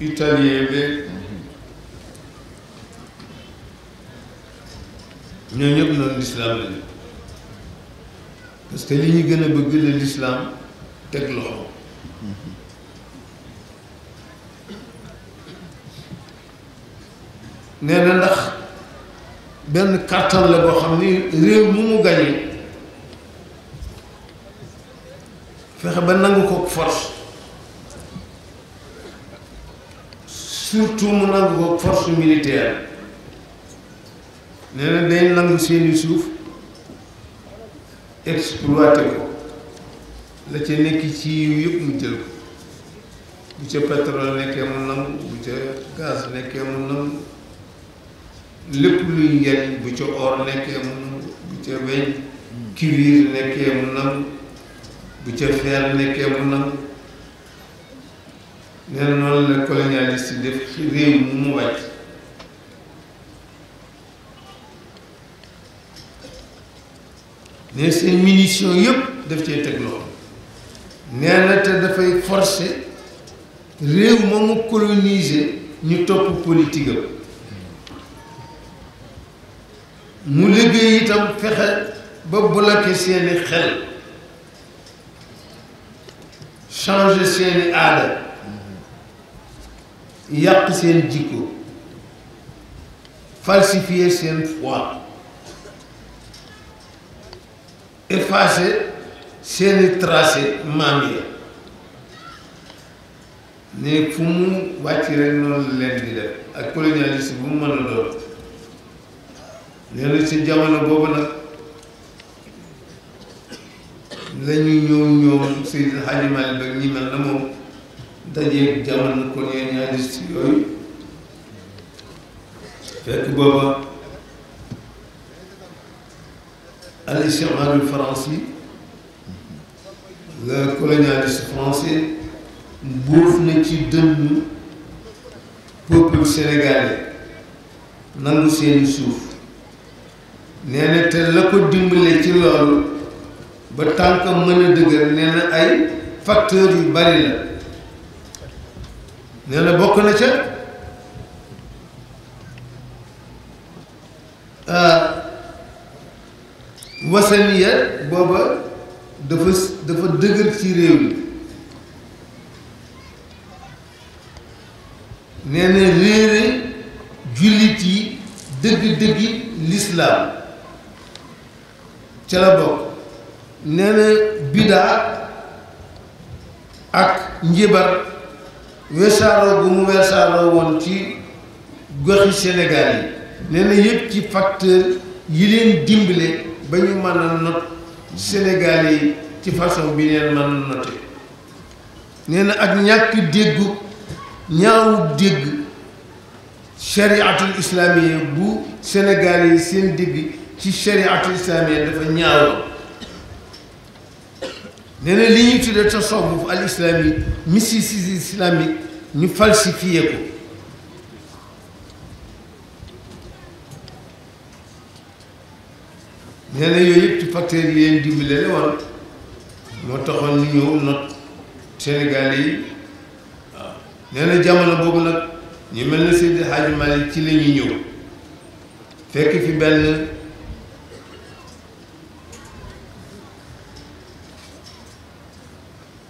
italien beeg ñoo ñëpp noonu lislaam lañu parce que li ñu gën a bëgg la lislaam teg loxo nee na ndax benn kàttan la boo xam ni réew mi mu gañee fexe ba nangu ko force surtout mu nangu ko force militaire nee na day nangu seeni suuf exploité ko la ca nekk ci yiw yëpp mu jël ko bu ca pétrole nekkee mu nangu bu ca gaz nekkee mu nangu lépp luy njariñ bu ca or nekkee mu nangu bu ca weñ cuivre nekkee mu nangu bu ca fer nekkee mu nangu nee na noonu la colonialiste def ci réew mu mu wàcc ne seen munition yëpp def cee teg loxo na te dafay forcer réew ma mu coloniser ñu topp politique mu liggéey itam fexe ba bloquer seeni xel changer seeni aada yàq seen jikko falsifier seen foi effacer seeni tracé maam yi ne fu mu wàcc rek noonu leen di def ak colonialiste bu mu mën a doon nee na ci jamono boobu nag la ñu ñëw si xajimal ba ñi mel na moom dajeeg jamono colonialiste yooyu fekk booba al-isti'maarul français le colonialiste français buuf na ci dënn peuple sénégalais nangu seeni suuf nee na te la ko dimbale ci loolu ba tànk mën a dëgër nee ay facteurs yu bari la nee na bokk na ca euh, wasaniya booba dafa dafa dëgër ci réew mi nee na réere jullit yi dëgg-dëggi lislaam ca la bokk nee na ak njibar weesaaroo bu mu weesaaroo woon ci goxi senegal yi nee na yëpp ci facteur yi leen dimbale ba ñu mën a not Sénégal yi ci façon bi leen mën a note nee na ak ñàkk déggu ñaawu dégg chariatul islamiya bu senegal yi seen dégg ci chariatul islamiya dafa ñaaw nee na li ñuy tuddee tasawuf al islami mysticisme islamique ñu falsifié ko nee yooyu yëpp ci facteur yi leen dimbale la woon moo ñëw not Sénégalais yi waaw nee jamono boobu nag ñu mel na Seydi Hadji Malick ci la ñëw fekk fi benn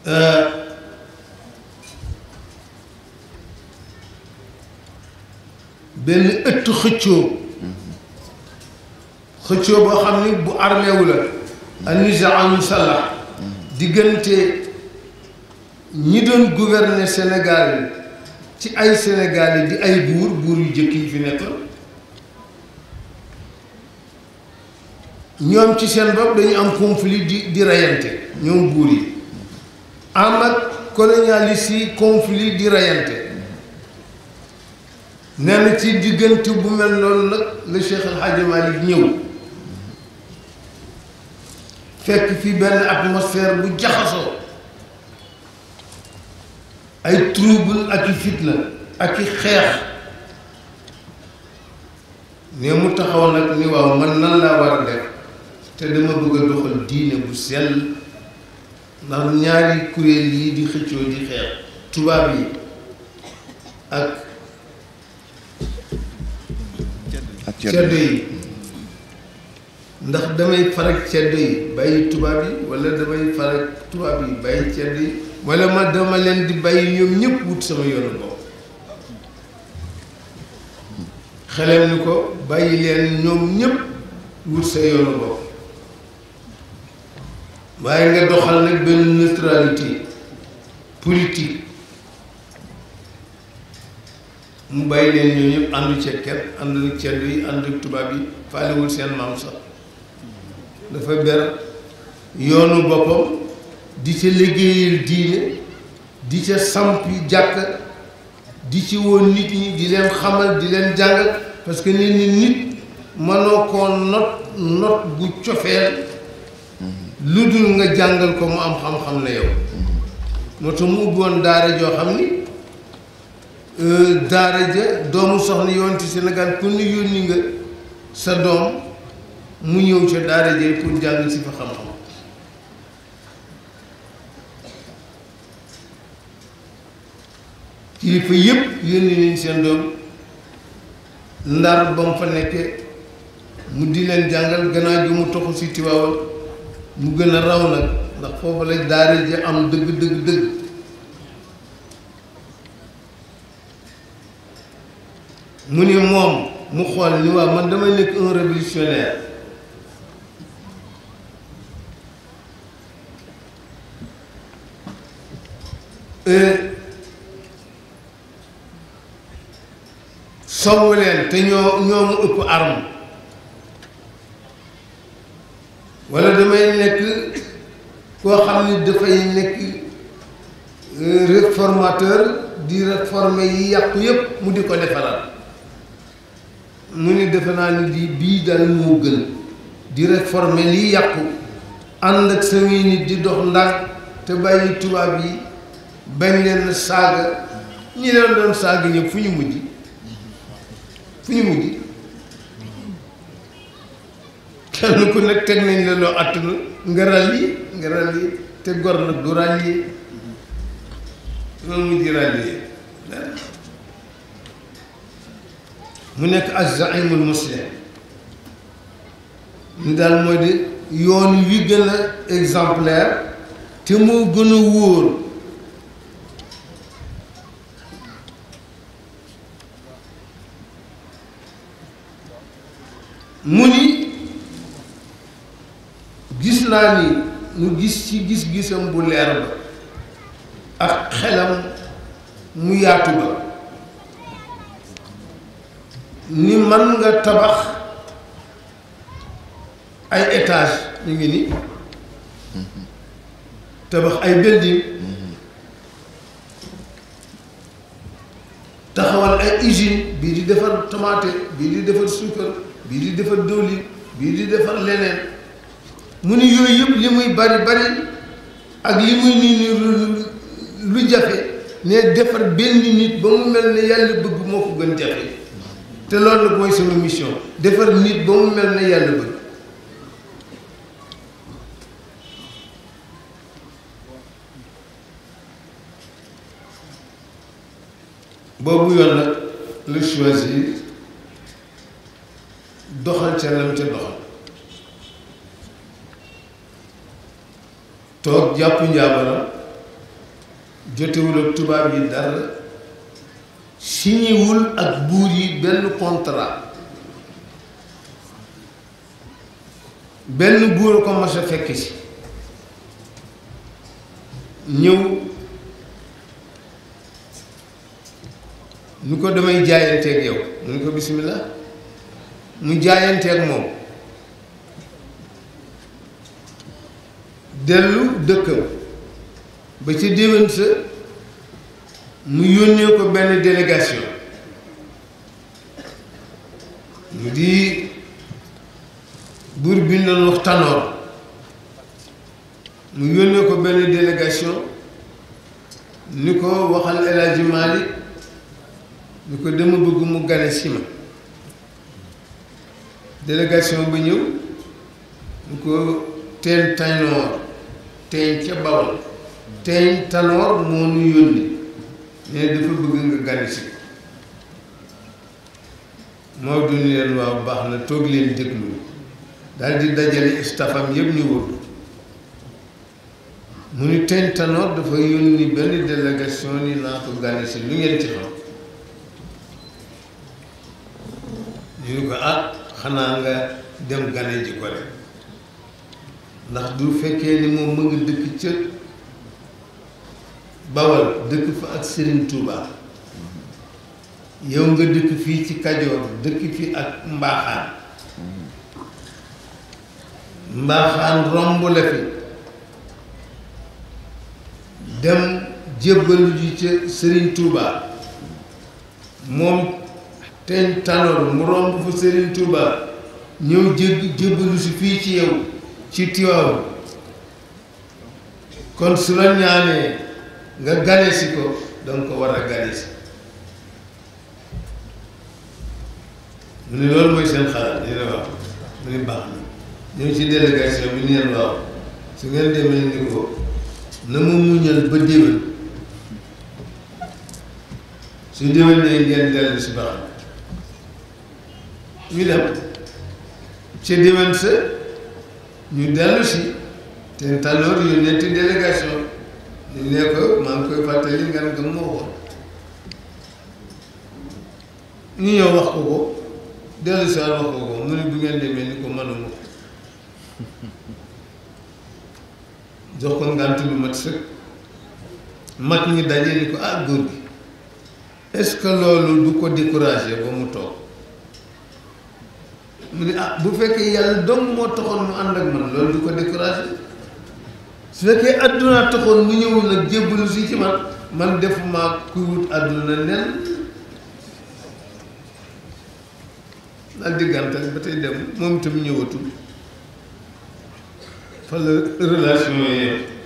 Euh, benn ëtt xëccoo xëccoo boo xam ni bu armeewu la anisa anu salla diggante ñi doon gouverner Sénégal ci ay Sénégal yi di ay buur buur yu jëkk yi fi nekkoon ñoom ci seen bopp dañu am conflit di di reyante ñoom buur yi am ak colonialiste yi conflit di reyante nee na ci diggante bu mel noonu nag la Cheikh El Hadj ñëw fekk fi benn atmosphère bu jaxasoo ay trouble ak i fitna ak i xeex ne mu taxaw nag ni waaw man na laa war a def te dama bëgg a doxal diine bu sell ndax ñaari kuréel yi di xëccoo di xeex tubaab yi ak ceddo yi ndax damay farak ceddo yi bàyyi tubaab yi wala damay farak tubaab yi bàyyi ceddo yi wala ma dama leen di bàyyi ñoom ñëpp wut sama yoonu bopp xelem ni ko bàyyi leen ñoom ñëpp wut sa yoonu bopp waaye nga doxal nag benn neutralité politique mu bàyyi leen ñoo ñëpp àndu ceeb kenn àndu ceeb yi tubaab yi faalewul seen maam sax dafa ber yoonu boppam di ca liggéeyal diine di ca sampi jàkk di ci woon nit ñi di leen xamal di leen jàngal parce que nit ñi nit mënoo koo not not gu cofeel lu dul nga jàngal ko mu am xam-xam na yow moo tax mu ubbi daara joo xam ni euh, daara ja doomu soxna yoon ci Sénégal ku ñu yónni nga sa doom mu ñëw ca daara ja pour jàng si fa xam-xam kilifa yëpp yónni nañ seen doom ndar ba mu fa nekkee mu di leen jàngal gannaaw bi mu toxu si Tivaouane mu gën a raw nag ndax foofu lañ daara ji am dëgg dëgg mu ni moom mu xool ni waa man damay nekk un révolutionnaire euh, sowu te ñoo ñoo mu ëpp arme wala damay nekk koo xam ni dafay nekk euh, réformateur di réformer yi yàqu yépp mu di ko defaral mu ni defe naa ni di bii daal moo gën di réformer liy yàqu ànd ak samay nit di dox ndànk te bàyyi tubaab yi bañ leen saaga ñi leen doon saaga ñëpp fu ñu mujj fu ñu mujj kenn ku nekk teg nañ la loo attanu nga ràlli nga ràlli te gor nag du ràlli loolu mu di ràlli mu nekk az-zaimul muslim ñu daal mooy di yoon yu gën a exemplaire te moo gën a wóor naa ni nu gis ci gis-gisam bu leer ba ak xelam mu yaatu ba ni man nga tabax ay étage ñu ngi ni tabax ay building taxawal ay usine bii di defar tomate bii di defar suukar bii di defar diwlin bii di defar leneen mu ni yooyu yëpp li muy bari bari ak li muy nii nii lu jafe ne defar benn nit ba mu mel ne yàlla bëgg moo ko gën jafe te loolu mooy sama mission defar nit ba mel ne yàlla bëgg boobu yoon nag la choisir doxal ca lam doxal toog jàpp njaabaram jotewul ak tubaab yi dara signéwul ak buur yi benn contrat benn buur ko mas a fekk si ñëw ñu ko damay jaayanteeg yow mu ko bismillah mu jaayanteeg moom dellu dëkkam ba ci déwén sa mu yónnee ko benn délégation mu di buur bi ñu doon tanoor mu yónnee ko benn délégation ni ko waxal El Hadji Malick ni ko dama bëgg mu gane si ma ba ñëw ñu ko teen tanoor teeñ ca bawal teeñ tanoor moo nu yónni ne dafa bëgg nga gani si moo duni leen waaw baax na toog leen déglu daal di dajale istafam yëpp ñu wut mu ni teeñ tanoor dafa yónni benn délégation ni naa ko gani si ngeen ci ñu ni ko ah xanaa nga dem gane ko rek ndax du fekkee ni moom mu ngi dëkk ca Bawal dëkk fa ak Serigne Touba yow nga dëkk fii ci Kajoor dëkk fii ak Mbaaxaan Mbaaxaan romb la fi dem jébbalu ji ca Serigne Touba moom teñ tanoor mu romb fa Serigne Touba ñëw jébbalu si fii ci yow ci Tiwaawan kon su la ñaanee nga gane si ko danga ko war a gane si mu ne loolu mooy seen xalaat ñu ne waaw mu ne baax na ñëw ci délégation bi neen waaw su ngeen demee ni ko na mu muñal ba déwén su déwén ne ngeen dellu si baax na ñu dem ca déwén ñu dellu si te taloor yu netti délégation ñu ne ko maa ngi koy fàttali ngan gëm moo woon ñu ñëw wax ko ko dellu si wax ko ko mu ne bu ngeen demee ni ko mënuma jox ko ngànt lu mat sëkk mag ñi daje ni ko ah góor gi est-ce que loolu du ko découragé ba mu toog mu ne ah bu fekkee yàlla dong moo taxoon mu ànd ak man loolu du ko découragé su fekkee addunaa taxoon mu ñëwul nag jébbalu si ci man man def maa kuy wut adduna nen daal di gàntal ba tey dem moom itam ñëwatul fa la relation yee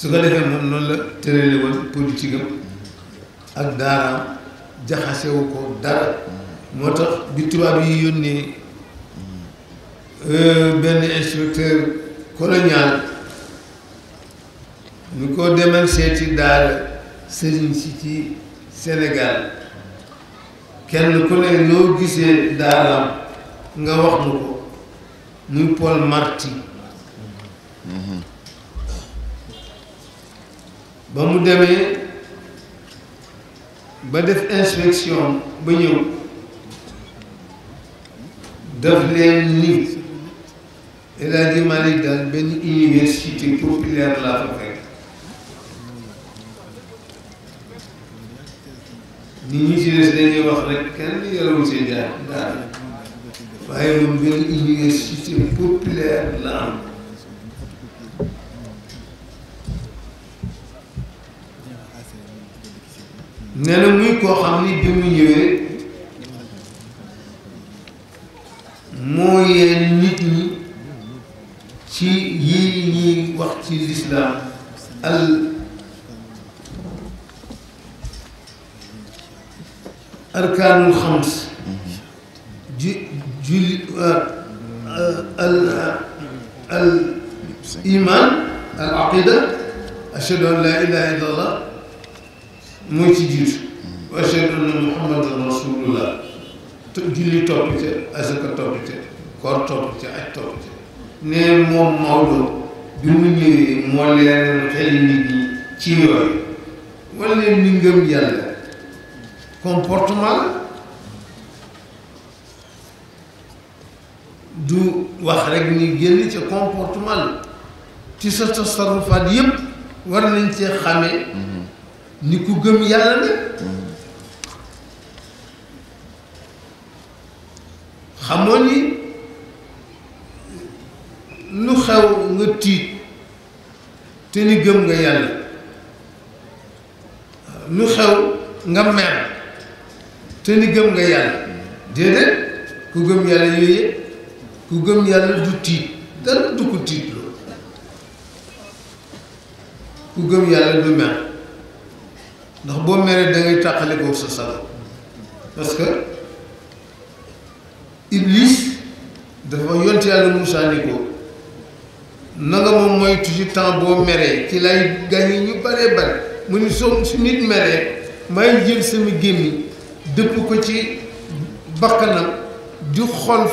su ko defee moom noonu la tërale woon politique am ak daaraam jaxasewu ko dara moo tax bi tubaab yi yónnee euh, benn inspecteur colonial ñu ko demal seeti daara sëriñ si ci Sénégal kenn ku ne loo gisee daaraam nga wax nu ko muy Paul Marty mm-hmm. ba mu demee ba def inspection ba ñëw daf leen ni El Hadji Malick daal benn université populaire laa fa fekk nit ñi ci dañuy wax rek kenn yorewul seen jaar daal waaye moom benn université populaire la am nee na muy koo xam ni bi mu ñëwee moo yee nit ñi ci yii ñuy wax ci lislaam al arkaanul xams ju julli uh, al uh, al iman al aqida ashhadu an la ilaha illa allah mooy ci jiitu wa ashhadu anna muhammadan rasulullah te julli topp ca asaka koor topp ca aj nee moom Maodo bi mu ñëwee moo leen xel nit ñi ci yooyu wala ni ngëm yàlla comportement du wax rek ni génn ca comportement la ci sa tasarrufaat yépp war nañ cee xamee ni ku gëm yàlla la xamoo ni lu xew nga tiit te ni gëm nga yàlla lu xew nga mer te ni gëm nga yàlla déedéet ku gëm yàlla yooyu ku gëm yàlla du tiit dara du tiit loolu ku gëm yàlla du mer ndax boo meree dangay ngay tàqalikoo sa sago parce que Iblis dafa yont yàlla Moussa ni ko na nga moom moytu ci temps boo meree ci lay gañe ñu baree bare mu ni soo su nit meree may jël sama gémmiñ dëpp ko ci bakkanam di xol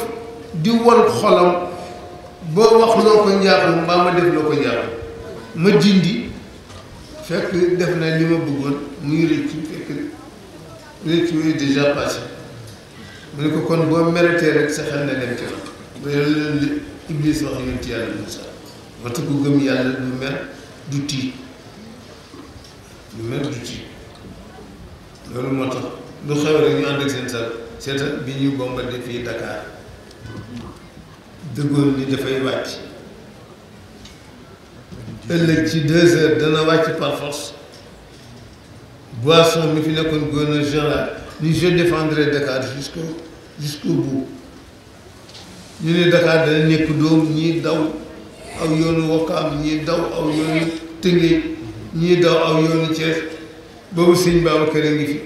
di wal xolam boo wax loo ko njaaxum mbaa ma def loo ko njaaxum ma jindi fekk def na li ma bëggoon muy rëccu fekk rëccu est déjà passé mu ne ko kon boo méritee rek sa xel na dem ci loolu mooy loolu la Iblis wax yonent yàlla Moussa waxtu ko gëm yàlla du mer du tiit du mer loolu moo tax lu xew rek ñu ànd seen sal seeta bi ñuy bombardé fii Dakar dëggoon ni dafay wàcc. ëllëg ci deux heures dana wàcc par force Boisson mi fi nekkoon gouverneur général ni je défendrai Dakar jusqu'au jusqu'au bout ñu ne Dakar dana nekk doom ñii daw aw yoonu Wakaam ñii daw aw yoonu Tëngéej ñii daw aw yoonu Thiès boobu sëñ Babacar a ngi fi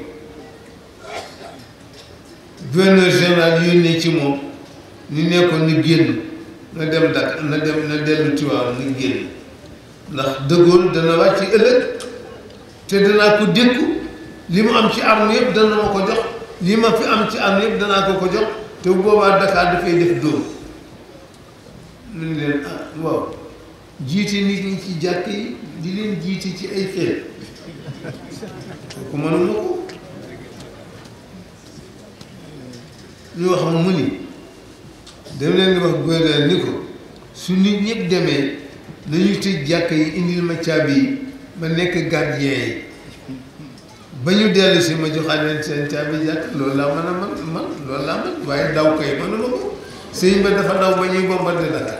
gouverneur général yónnee ci moom ni nekkoon na génn na dem Dakar na dem na dellu Tiwaawan na génn ndax dëggoon dana wàcc ëllëg te danaa ko dékku li mu am ci arme yëpp am ci arme danaa ko ko jox te bu boobaa Dakar dafay def dóom lu leen ah waaw jiite nit ñi ci jàkk yi di leen jiite ci ay xeet kooku mënuma ko ñu wax mu ni dem leen di wax gouverneur ni ko su nit ñëpp demee dañuy tëj jàkk yi indil ma caabi yi ma nekk gardien yi ba ñu dellu si ma joxaat leen seen caabi jàkk loolu laa mën a man man loolu laa man waaye daw kay mënuma ko sëñ ba dafa daw ba ñuy bombardé Dakar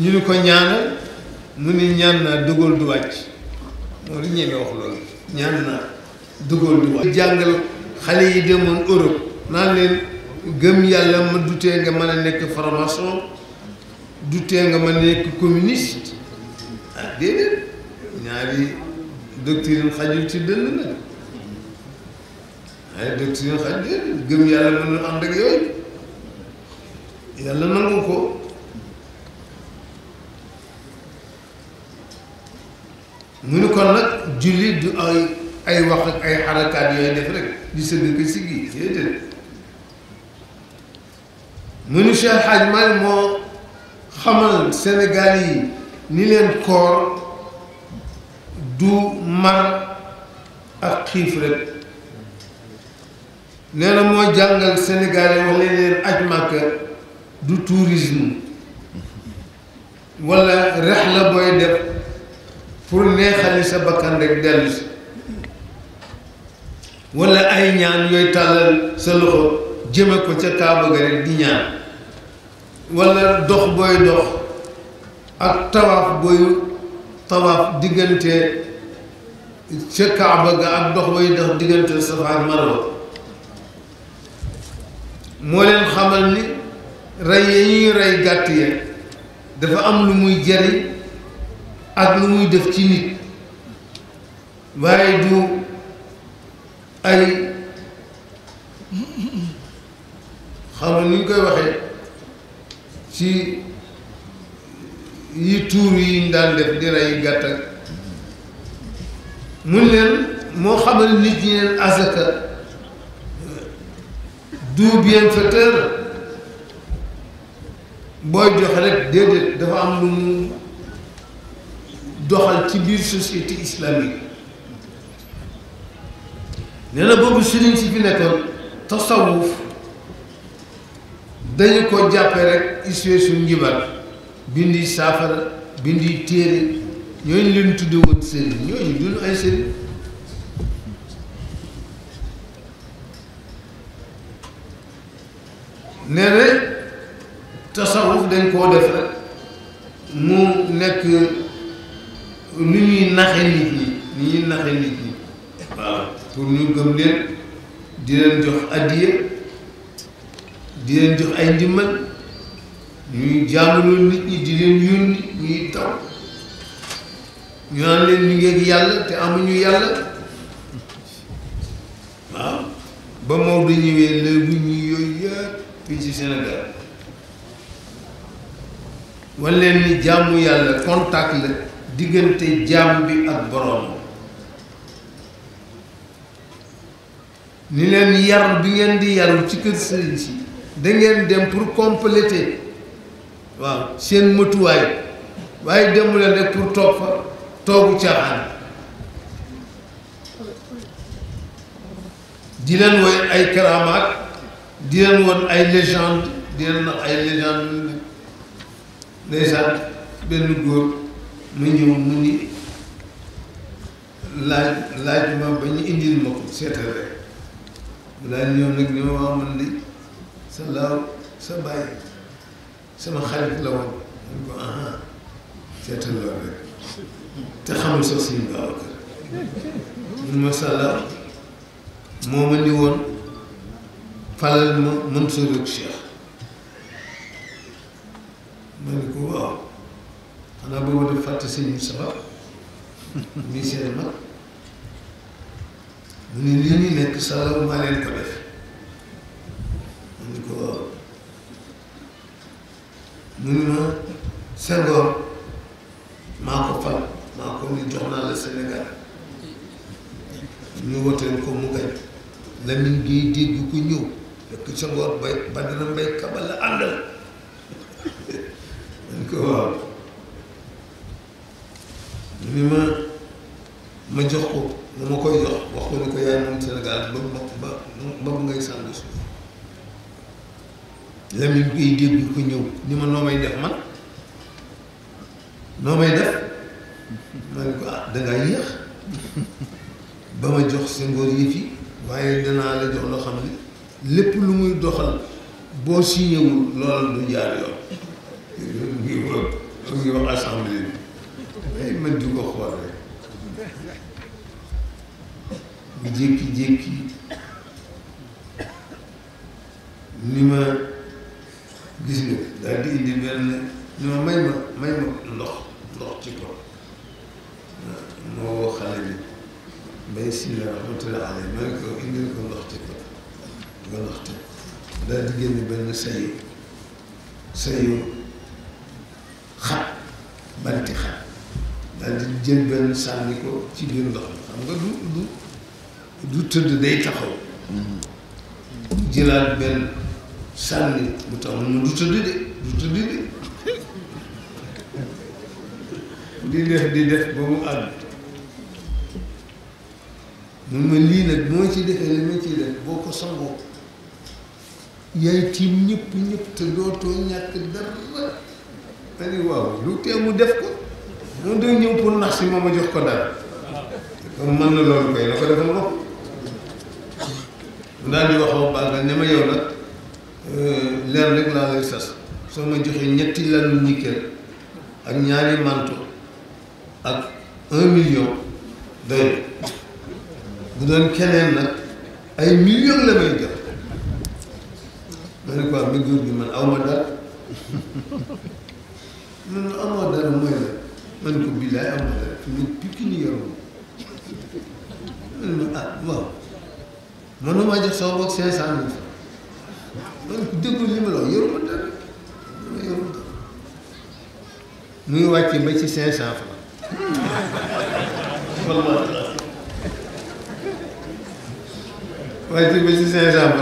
ñu ni ko ñaanal mu ni ñaan naa dugal du wàcc moo li ñeme wax loolu ñaan naa dugal du wàcc jàngal xale yi demoon Europe naan leen gëm yàlla ma dutee nga mën a nekk franc-maçon nga mën a nekk communiste ah déedéet ñaari doctrine xajul ci dënn nag ay doctrine xajul gëm yàlla mënul ànd ak yooyu yàlla nangu ko mu ni kon nag jullit du ay ay wax ak ay xarakaat yooyu def rek di sëgg ko siggi déedéet mu ni Cheikh Hadj Malick moo xamal Sénégal yi ni leen koor du mar ak xiif rek nee na moo jàngal Sénégal yi wax leen leen aj Màkka du tourisme wala rex la booy def pour neexali sa bakkan rek dellu si ay ñaan yooy tàllal sa loxo jëme ko ca Kaaba ga di ñaan wala dox booy dox ak tawaaf booy tawaaf diggante ca Kaaba ga ak dox booy dox diggante Safa ak moo leen xamal ni rey ya ñuy rey gàtt ya dafa am lu muy jariñ ak lu muy def ci nit waaye du ay xam nga ni ñu koy waxee ci yi tuur yiñ daan def di rey gàtt ak mun moo xamal nit ñi leen asaka du bienfaiteur boo jox rek déedéet dafa am lu mu doxal ci biir société islamique nee na boobu sëriñ si fi nekkoon tasawuf dañu ko jàppee rek issuer suñ njibar bindi saafara bindi téere ñooñu leen tudde woon sëriñ ñooñu duñu ay sëriñ nee na tasawuf dañ koo def rek mu nekk nu ñuy naxe nit ñi ni ñuy naxe nit ñi pour ñu gëm leen di leen jox addiye di leen jox ay ndimbal ñuy jaamuloo nit ñi di leen yónni ñuy taw ñu naan leen ñu yàlla te amuñu yàlla waaw ba Maodo ñëwee la bu ñuy yooyu yëpp fii ci Sénégal wan leen ni jaamu yàlla contact la diggante jaam bi ak boroom ni leen yar bi ngeen di yaru ci kër sëriñ si da ngeen dem pour compléter waaw seen matuwaay waaye demu leen rek pour toog fa toogu caaxaan di leen woy ay karaamaat di leen woon ay légende di leen wax ay légende ndeysaan benn góor mu ñëw mu ni laaj laaj ma ba ñu indil ma ko seetal rek mu ñëw nag ni ma waa man de sa laaw sa bàyyi sama xarit la woon mun ko aha seetal loolu rek te xamul sax suñu baaw kër mun ma sa laaw moo ni woon falal ma Mansour ak Cheikh ma ni ko waaw xanaa boobu def fàtte sëñ sabab muy seen mag mu ne lii ñu nekk sa laaw maa leen ko def waaw mu ne ma Senghor maa ko fal maa ko ni jox naa la Sénégal ñu woteel ko mu gañ Lamine Gueye dégg ko ñëw fekk Senghor bay Badara Mbaye Kabal la àndal man [laughs] ko waaw mu ne ma ma jox ko ma ma koy jox wax ko ni ko yaay moom Sénégal ba ba ba ngay sànni suuf Lamine koy dégg ko ñëw ni ma noo may def man noo may def ma ko ah dangaa yéex ba ma jox sa ngóor yëf yi waaye danaa la jox loo xam ne lépp lu muy doxal boo siñewul loolal du jaar yoon ngi wax ngi wax assemblée bi may di ko xool jékki-jékki ni ma gis nga daal di indi benn ni ma may ma may ma ndox ndox ci ko moo xale bi mbay si la rahmatulah alayhi ma ne ko indil ko ndox ci ko nga ndox ci daal génn benn sayu sayu xat banti xat daal jël benn sànni ko ci biir ndox mi xam nga du du du tëdd day taxaw mm-hmm. jëlaat benn sànni bu tax mu du tëdd de du tëdd de di def di def ba mu mun ma lii nag bu ma ci defee li ma ciy def boo ko sangoo yaay tiim ñëpp ñëpp te dootoo ñàkk dara ma lu tee mu def ko moom day ñëw pour nax si ma ma jox ko dara kon na loolu koy na ko defal bopp mu daal di wax ba ne ma yow nag Euh, leer rek laa lay sas soo ma joxee ñetti lalu nikkel ak ñaari manto ak un million doy bu doon keneen nag ay million la may jox ma ne quoi ah, mi góor gi man aw ma dara [laughs] man ma amoo dara mooy la man ko billaay aw ma dara fi mu pikki ni yoroo man ma ah waaw manuma jox sama donc déglu li ma la wax yoruma dara yoruma dara muy wàcc ba ci cinq cent francs [laughs] wàcc ba ci cinq cent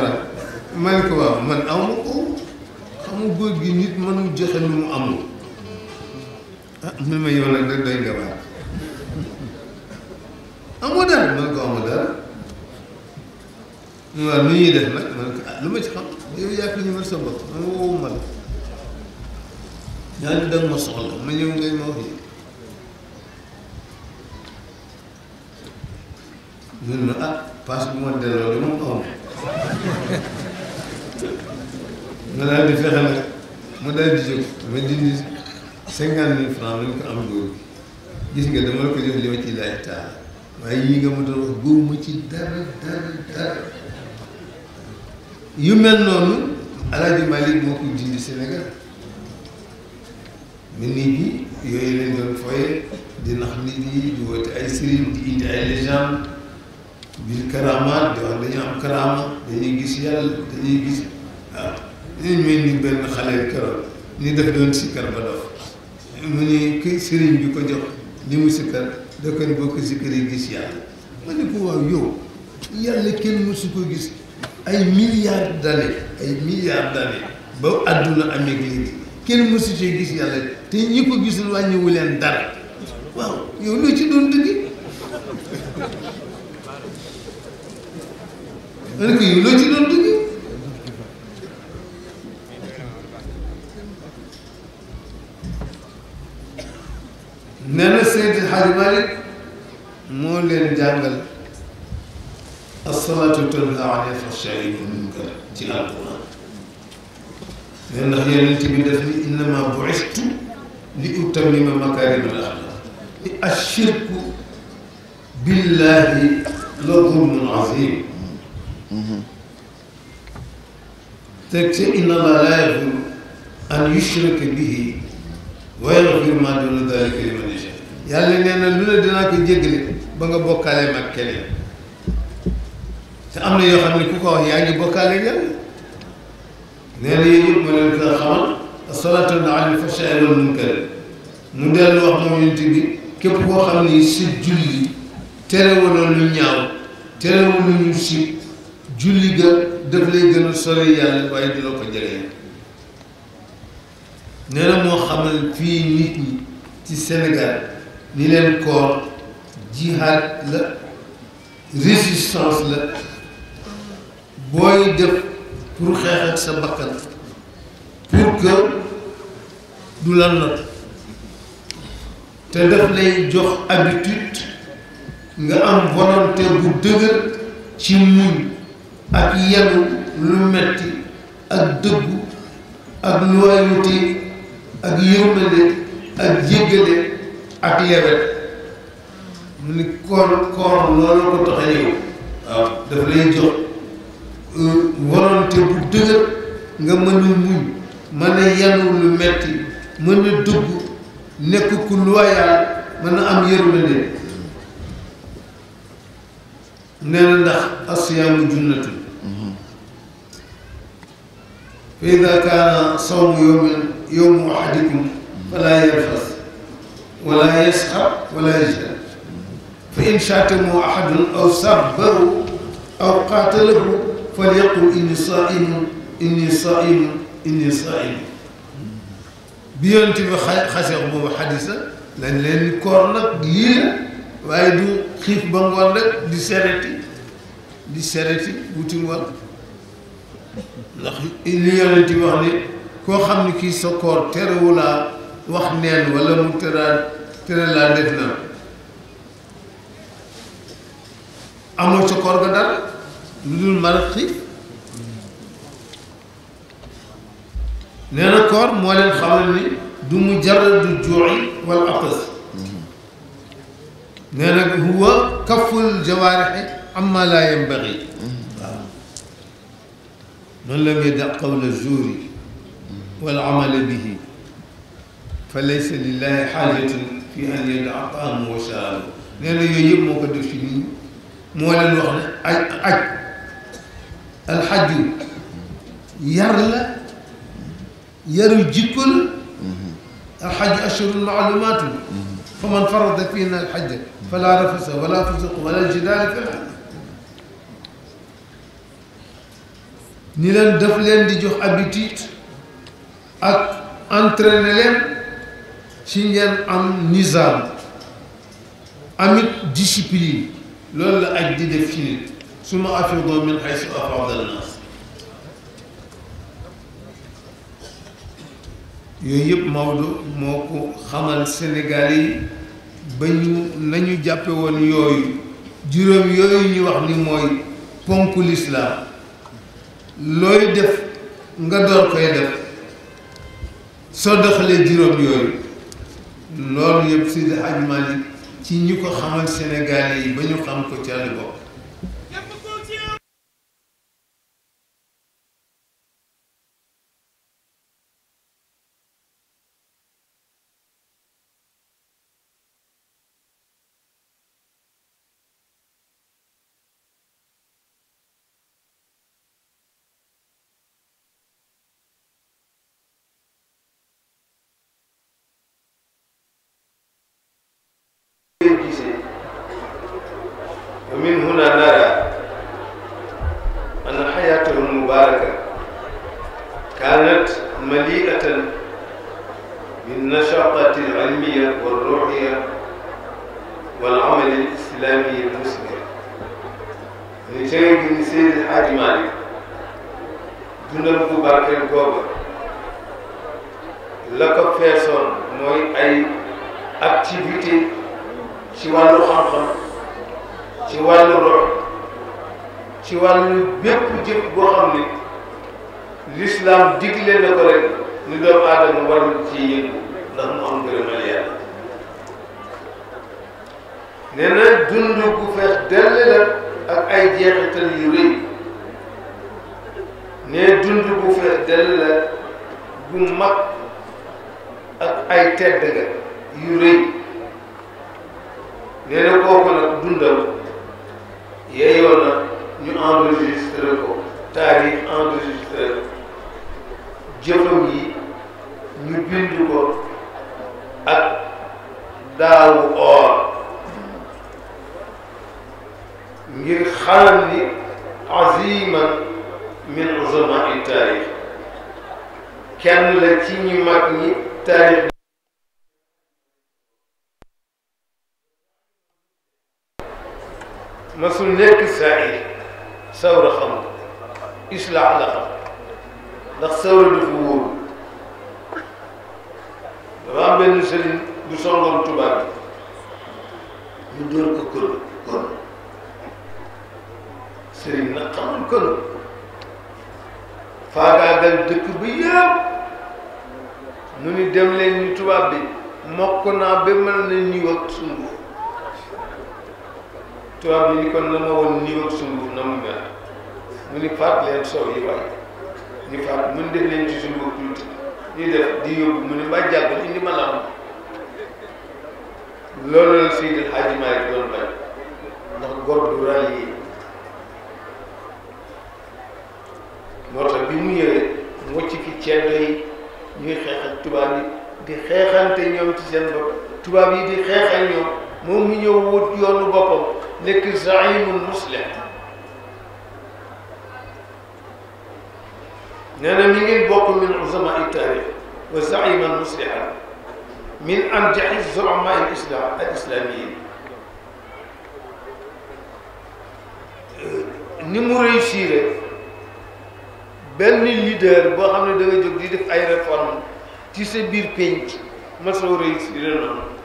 man ko waaw man awma ko xamu góor gi nit mënul joxe lu mu amul ah man ma yow nag da doy nga waat amoo dara man ko amoo dara waaw nu ñuy def nag man ko ah lu ma ci xam yow yaa ko ñëwal sa bopp man woowuma la ñaari danga ma soxla ma ñëw ngay ma wax yi ñun ñu ah paas bu ma delloo de moom xaw ma daal di fexe nag mu daal di jóg ma dindi cinquante mille francs lañ ko am góor gi gis nga dama ko jox li ma ci laaj taal waaye yii nga ma doon wax góobu ma ci dara dara dara yu mel noonu Alaaji Malik moo koy dindi Sénégal mais nit ñi yooyu lañ doon foye di nax nit ñi di woote ay sëriñ di indi ay légende bil karamaat di dañu am karama dañuy gis yàlla dañuy gis waaw ni benn xale gis yàlla ma ne ko waaw yow yàlla kenn mësu ko gis ay milliards d'années ay milliards d'années ba àdduna amee léegi kenn mësu cee gis yàlla te ñi ko gisul wàññiwu leen dara waaw yow loo ci doon dëgg ma ne ko moo leen jàngal asalaatu tanhaa anil fahshaa'i wal munkar ci alquran leen ndax yonent bi def ni innamaa bu'istu li utammima makaarimal axlaaq ni ashirku billaahi la zulmun aziim teg ci inna llaaha laa yaghfiru an yushraka bihi wa yaghfiru maa duuna daalika liman yashaa yàlla nee na lu la dinaa ko jéggale ba nga bokkaale mag keneen te am na yoo xam ne ku ko wax yaa ngi bokkaale yàlla nee na yéen it ma leen ko xamal asalaatu alal fahshaa'i wal munkar mu dellu wax moom bi képp koo xam ne si julli terewuloo lu ñaaw terewuloo ñu si julli ga daf lay gën a yàlla waaye du la ko jege nee na moo xamal fii nit ñi ci Sénégal ni leen koor jihaad la résistance la booy def pour xeex ak sa bakkan pour que du la not te daf lay jox habitude nga am volonté bu dëgër ci muñ ak yenu lu metti ak dëggu ak loyauté ak yërmande ak jéggale ak lebet mu ni koor koor loolu ko tax yow waaw daf lay jox volonté bu dëgër nga mën a muñ mën a yanu lu metti mën a dugg nekk ku loyal mën a am yërmande nee na ndax asiyaamu junnatun fa ida kaana sawmu yowmin yowmu ahadikum falaa yarfas wala yasxab wala yajhal fa in shaatamu ahadun aw sabbahu aw qaatalahu fal yaqul inni saa'imun inni saa'imun inni saa'imun bi yonent bi xasee boobu xadisa lañ leen koor nag yii la waaye du xiif ba ngoon rek di sereti di sereti wuti ngoon ndax li yonent bi wax ni koo xam ni kii sa koor terewulaa wax neen wala mu teraa tere laa def na amoo ca koor ga dara lu dul marat xiif nee na koor moo leen xamal ni du mu jarra du juuxi wala atas nee na huwa kaful jawaarixi amma laa yambaxi waaw man lam yada qawla zuuri wal amala bihi fa laysa lillahi xaajatun fi an yada taamu wa shaabu nee na yooyu yëpp moo ko def ci nit ñi moo leen wax ne aj aj alxaju yar la yarul jikko la alxaju ashurun maalumaatu fa man farada fiina alxajja fala rafasa wala fusuqa wala jidaala fi alxaj ni leen daf leen di jox habitude ak entraîner leen ci ngeen am nizaam amit discipline loolu la aj di def ci nit suma afidu min haysu afada nnaas yooyu yëpp Maodo moo ko xamal Sénégal yi ba ñu nañu jàppe woon yooyu juróom yooyu ñu wax ni mooy ponk lislaam looy def nga door koy def soo doxalee juróom yooyu loolu yëpp Seydi Hadji Malick ci ñu ko xamal Sénégal yi ba ñu xam ko ci àll bopp déguisé ومن هنا نرى أن حياته المباركة كانت مليئة بالنشاطة العلمية والروحية والعمل الإسلامي المسلم نتيجة سيد الحاج مالك dundal bu barkeel googa la ko feesoon mooy ay activité ci wàllu xam-xam ci wàllu rox ci wàllu bépp jëf boo xam ne l'islam digle na ko rek ni doomu aadama war ci yëngu ndax mu am ngërëmal yàlla nee na dund gu feex dell ak ay jeexital yu rëy nee dund gu feex dell bu mag ak ay tedd ga yu rëy nee na kooku nag dundam yeeyoon ñu enregistré ko taarix enregistré jëfam yi ñu bind ko ak daawu or ngir xalam ni aziman min uzama taarix kenn la ci ñu mag ñi taarix masul nekk saa'ir sawra xamul islaax la xam ndax sawra dafa wóoru dafa am benn sëriñ bu songoon tubaab bi ñu dóor ko kon kon sëriñ nag xamul kon faagaagal dëkk bi yëpp mu ni dem leen ñu tubaab mokk naa ba mel na ñuy wax sunguf tubaab yi ni kon na ma woon nii na mu mel mu ni faat leen sow yi waay ñu faat mun def leen ci sunguf tuuti ñuy def di yóbbu mu ni ma jàpp ni indi ma la am loolu la Seydi El Hadji Malick doon bañ ndax góor du ràññee moo tax bi mu ñëwee mu ci fi ceddo yi ñuy xeexal tubaab yi di xeexante ñoom ci seen bopp tubaab yi di xeexal ñoom moom mu ñëw wut yoonu boppam nekk zaimul muslim nee na mi ngeen bokk min uzama taarix wa zaiman muslihan min anjahi zurama al islam al islamiyin ni mu réussir benn leader boo xam ne da nga jóg di def ay réforme ci sa biir penc ma soo réussir noonu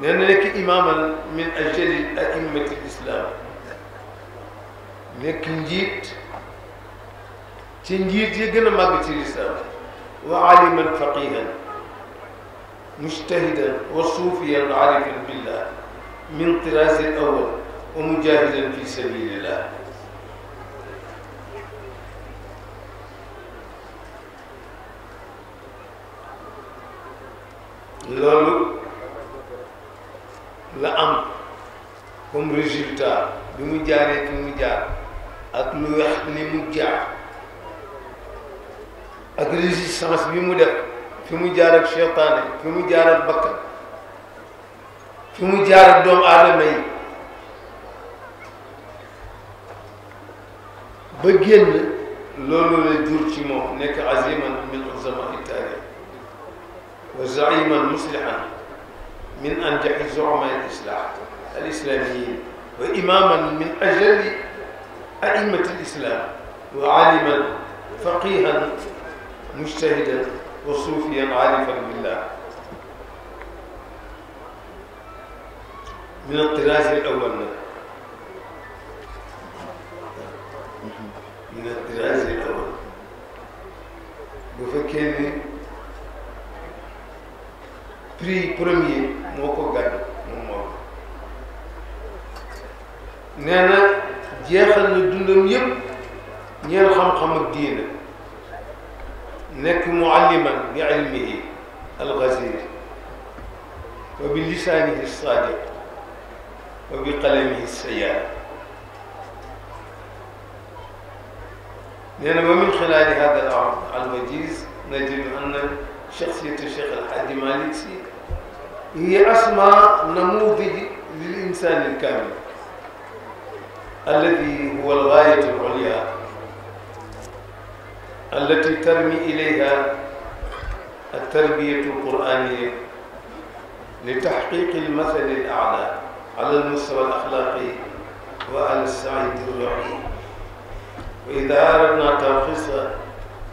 nee na nekk imaaman min ajali a'immati lislaam nekk njiit ci njiit yi gën a màgg ci lislaam wa aliman faqihan mujtahidan wa suufiyan arifan billah min tiraasi al awal wa mujahidan fi sabilillah loolu la am comme résultat bi mu jaaree fi mu jaar ak lu wax ni mu jaar ak résistance bi mu def fi mu jaar ak seytaane fi mu jaar ak bakkan fi mu jaar ak doomu aadama yi ba génn loolu la jur ci moom nekk aziman min uzama italia wa zaiman muslihan من أنجح زعماء الإسلام الإسلاميين وإماما من أجل أئمة الإسلام وعالما فقيها مجتهدا وصوفيا عارفا بالله من الطراز الأول من الطراز الأول bu fekkee ni prix premier moo ko gàddu moom moom nee na jeexal na dundam yëpp ñeel xam-xam ak diina nekk mualliman bi ilmihi al-Ghazali wa bi lisaanihi saadiq wa bi qalamihi sayyaar nee na wa min xilaali hada al-aam al-wajiz najidu anna شخصية الشيخ الحاج مالك سي هي أسمى نموذج للإنسان الكامل الذي هو الغاية العليا التي ترمي إليها التربية القرآنية لتحقيق المثل الأعلى على المستوى الأخلاقي وعلى السعيد الروحي وإذا أردنا تلخيص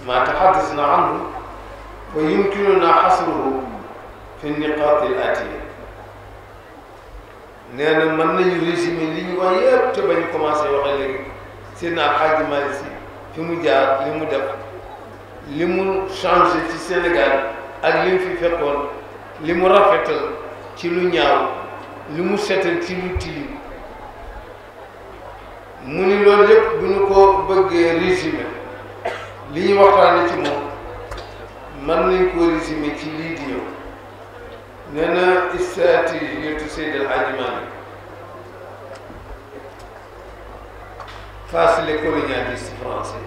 ما تحدثنا عنه wa yumkinuna xasruhu fi niqaat al aatiya nee na man nañu résumé li ñu wax yëpp te ba ñu commencé waxee léegi seen Alxaaji Maalik Si fi mu jaar li mu def li mu changé ci Sénégal ak li mu fi fekkoon li mu rafetal ci lu ñaar li mu setal ci lu tilim mu ni loolu lépp bu ñu ko bëggee résumé li ñu waxtaane ci moom mën nañ koo résumer ci lii di ñëw nee na stratégie Seydi El Hadji Malick face les colonialistes français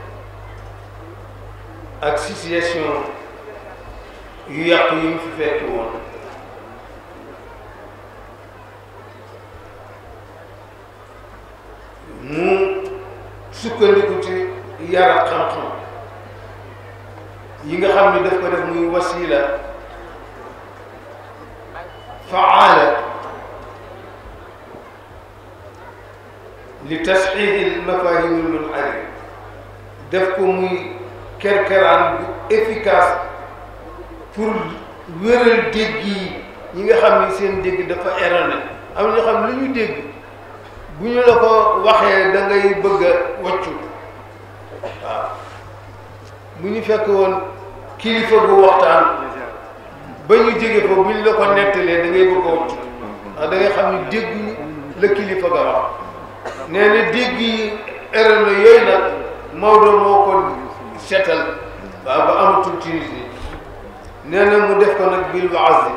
ak situation yu yàqu yu mu fi fekk woon mu sukkandiku ci yar ak xam-xam yi nga xam ni def ko def muy wasila faala li tasxiix al mafahim al munharif def ko muy kerkeraan bu efficace pour wéral dégg yi ñi nga xam ni seen dégg dafa erroné am na xam lu ñu dégg bu ñu la ko waxee da ngay bëgg a wàccu bu ñu fekk woon kilifa gu waxtaan ba ñu jege fa buñ la ko nettalee da ngay bëgg a wut ndax ah, da xam ne dégg la kilifa ga wax nee na dégg yi erreur yooyu nag Maodo moo ko seetal waaw ba amatul Tunisie nee na mu def ko nag bil waasi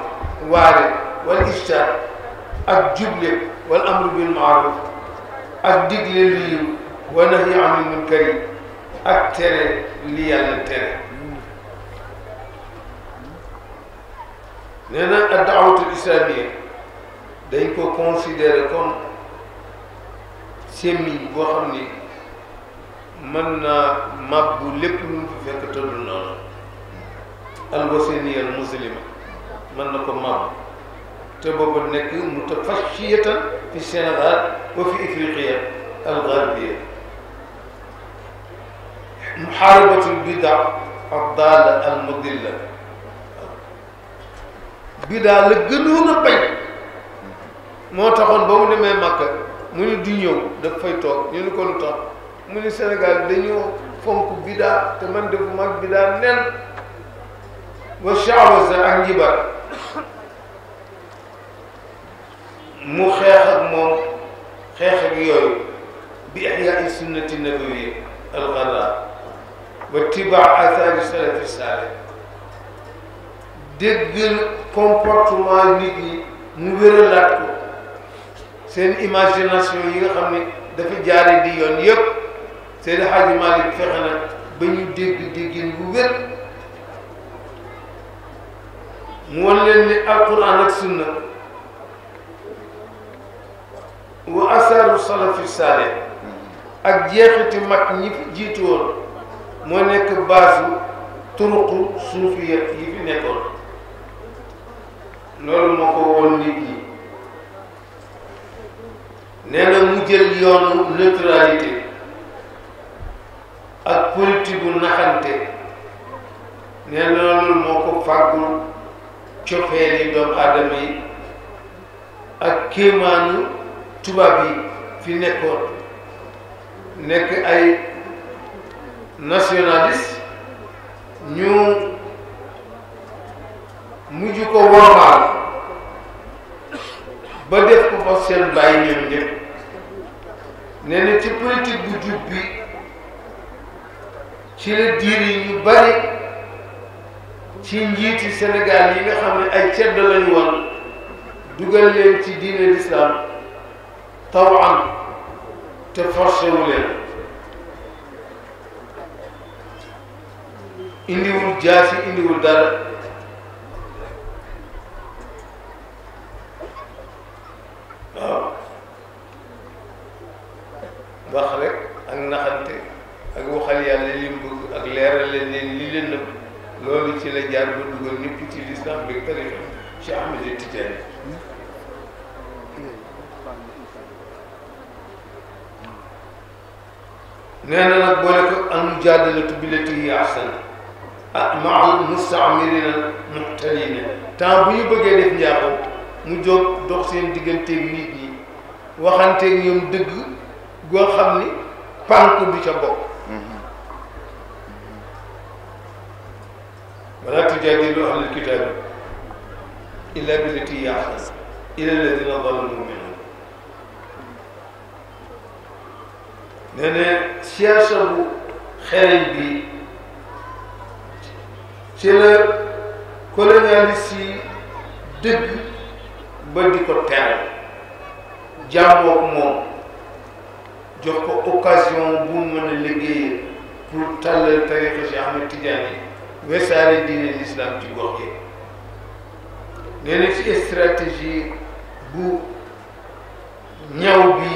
waare wal ishtar ak juble wal amru bil maaruf ak digle lii wa nahyi anil munkari ak tere li yàlla tere nee na ak daawatu dañ ko considéré comme semmiñ boo xam ni mën naa bu lépp lu mu fi fekk tëdd noonu alwasaniya al muslima mën na ko màbbu te boobu nekk mutafashiyatan fi Sénégal wa fi Ifriqiya al garbiya muhaaribatul bida bida la gënoon taxoon ba mu demee mu ni du ñëw daf fay toog ñu ni man defu mag bida nen ak njibar mu xeex ak moom xeex ak yooyu bi ihyaa sunnati nabawiyya al wa tibaa athari salafi saalih dégg comportement nit ñi mu wéralaat ko seen imagination yi nga xam ne dafa jaare di yoon yëpp seen Xaaji Malik fexe na ba ñu dégg déggin bu wér mu leen ni alquran ak sunna wa asaru salafi saalih ak jeexiti mag ñi fi jiitu woon moo nekk baasu turuqu suufiya yi fi nekkoon loolu moo ko woon nit nee na mu jël yoonu neutralité ak politique bu naxante nee na loolu moo ko fàggul cofeeli doomu aadama yi ak kéemaanu tubaab yi fi nekkoon nekk ay nationaliste ñu mujj ko wormaal ba def ko fa seen bàyyi ñoom ñëpp nee na ci politique bu jub ci la yi ñu bari ci njiiti Sénégal yi nga xam ne ay cedd lañu woon dugal leen ci diine l'islam tawan te forcé wu leen indiwul jaasi indiwul dara waaw wax rek ak naxante ak waxal yàlla lim bëgg ak leerale leen li leen nëbb loolu ci la jaar ba dugal ñëpp ci lislam bi tarixa Cheikh Ahmed Tidiane nee na nag boole ko am jaadalatu billati ahsan ah maal mustaamirina muxtalina temps bu ñu bëggee def njaaxu mu jóg dox seen digganteeg nit ñi waxanteeg dëgg goo xam ni pànk bi ca bopp wala tujaadilu ahlal kitaabi illa billati hiya ahsan illa alladina zalamu minhum nee na siyaasa bu xereñ bi ci la colonialiste yi dëgg ba di ko teral jàmbook moom jox ko occasion bu mën a liggéeyee pour tàllal tarixa si Ahmed Tidiane yi wesaare diine l'islam ci gox yi nee stratégie bu ñaw bi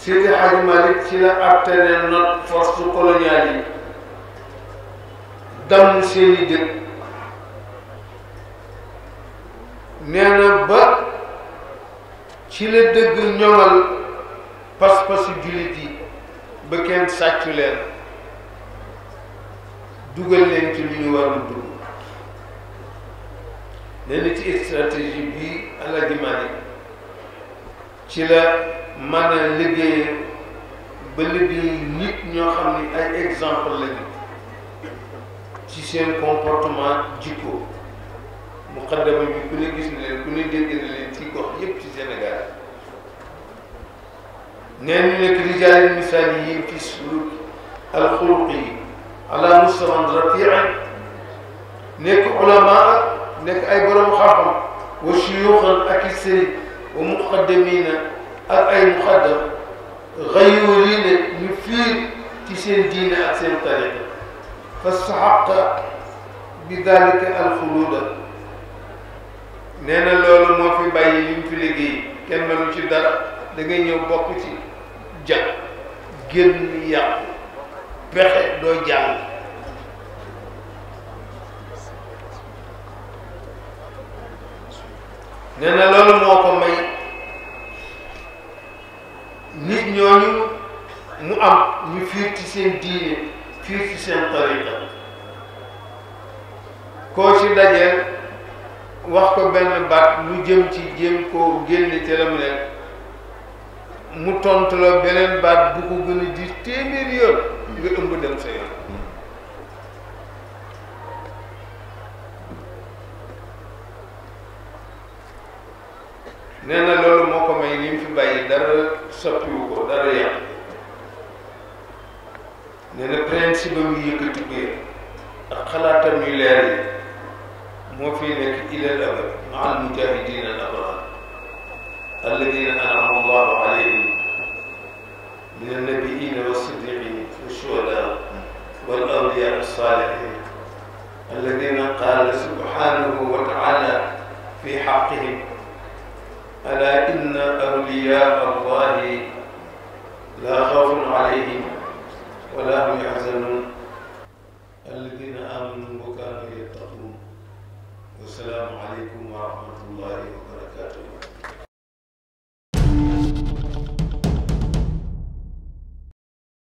Seydi Hadji ci la aptene notre force coloniale damm seeni jën nee ba ci la dëgg ñoŋal pas-pasu jullit yi ba kenn sàccu leen dugal leen ci li ñu warul dugg nee na ci stratégie bi ala ci la mën a liggéey ba liggéey nit ñoo xam ni ay exemple lañu ci seen comportement jikko muqaddama bi ku ne gis na leen ku ne dégg na leen ci gox yépp ci Sénégal nee ñu nekk rijaal misaal yi fi suluk alxuluqi yi ala mustawan rafian nekk ulama nekk ay borom xam-xam wa suyuxan ak i sëriñ wa muqaddamina ak ay muqaddam xayurine ñu fiir ci seen diine ak seen tariqa fastaxaqa bi dalika alxuluda nee na loolu moo fi bàyyi liñ fi kenn mënu ci dara dangay ñëw bokk ci jag génn yàqu pexe doo jàng nee loolu moo ko may nit ñooñu mu am ñu fiir ci seen diine fii ci seen tariqa koo ci dajeel wax ko benn baat lu jëm ci jéem koo génne te la mu nekk mu tontu la beneen baat bu ko gën a di téeméeri yoon nga ëmb dem sa yoon nee na loolu moo ko may li fi bàyyi dara soppiwu ko dara yàq nee na principe am yu yëkkati bee ak xalaatam yu leer yi moo fi nekk ilal abad maa al mujahidina al abrar alladina anama allahu alayhim min annabiina wassiddiqin washuhada wal awliya assalihin alladina qala subhanahu wa taala fi xaqihim ala inna awliya allahi la xawfun alayhim ولا هم يحزنون الذين آمنوا وكانوا يتقون والسلام عليكم ورحمة الله وبركاته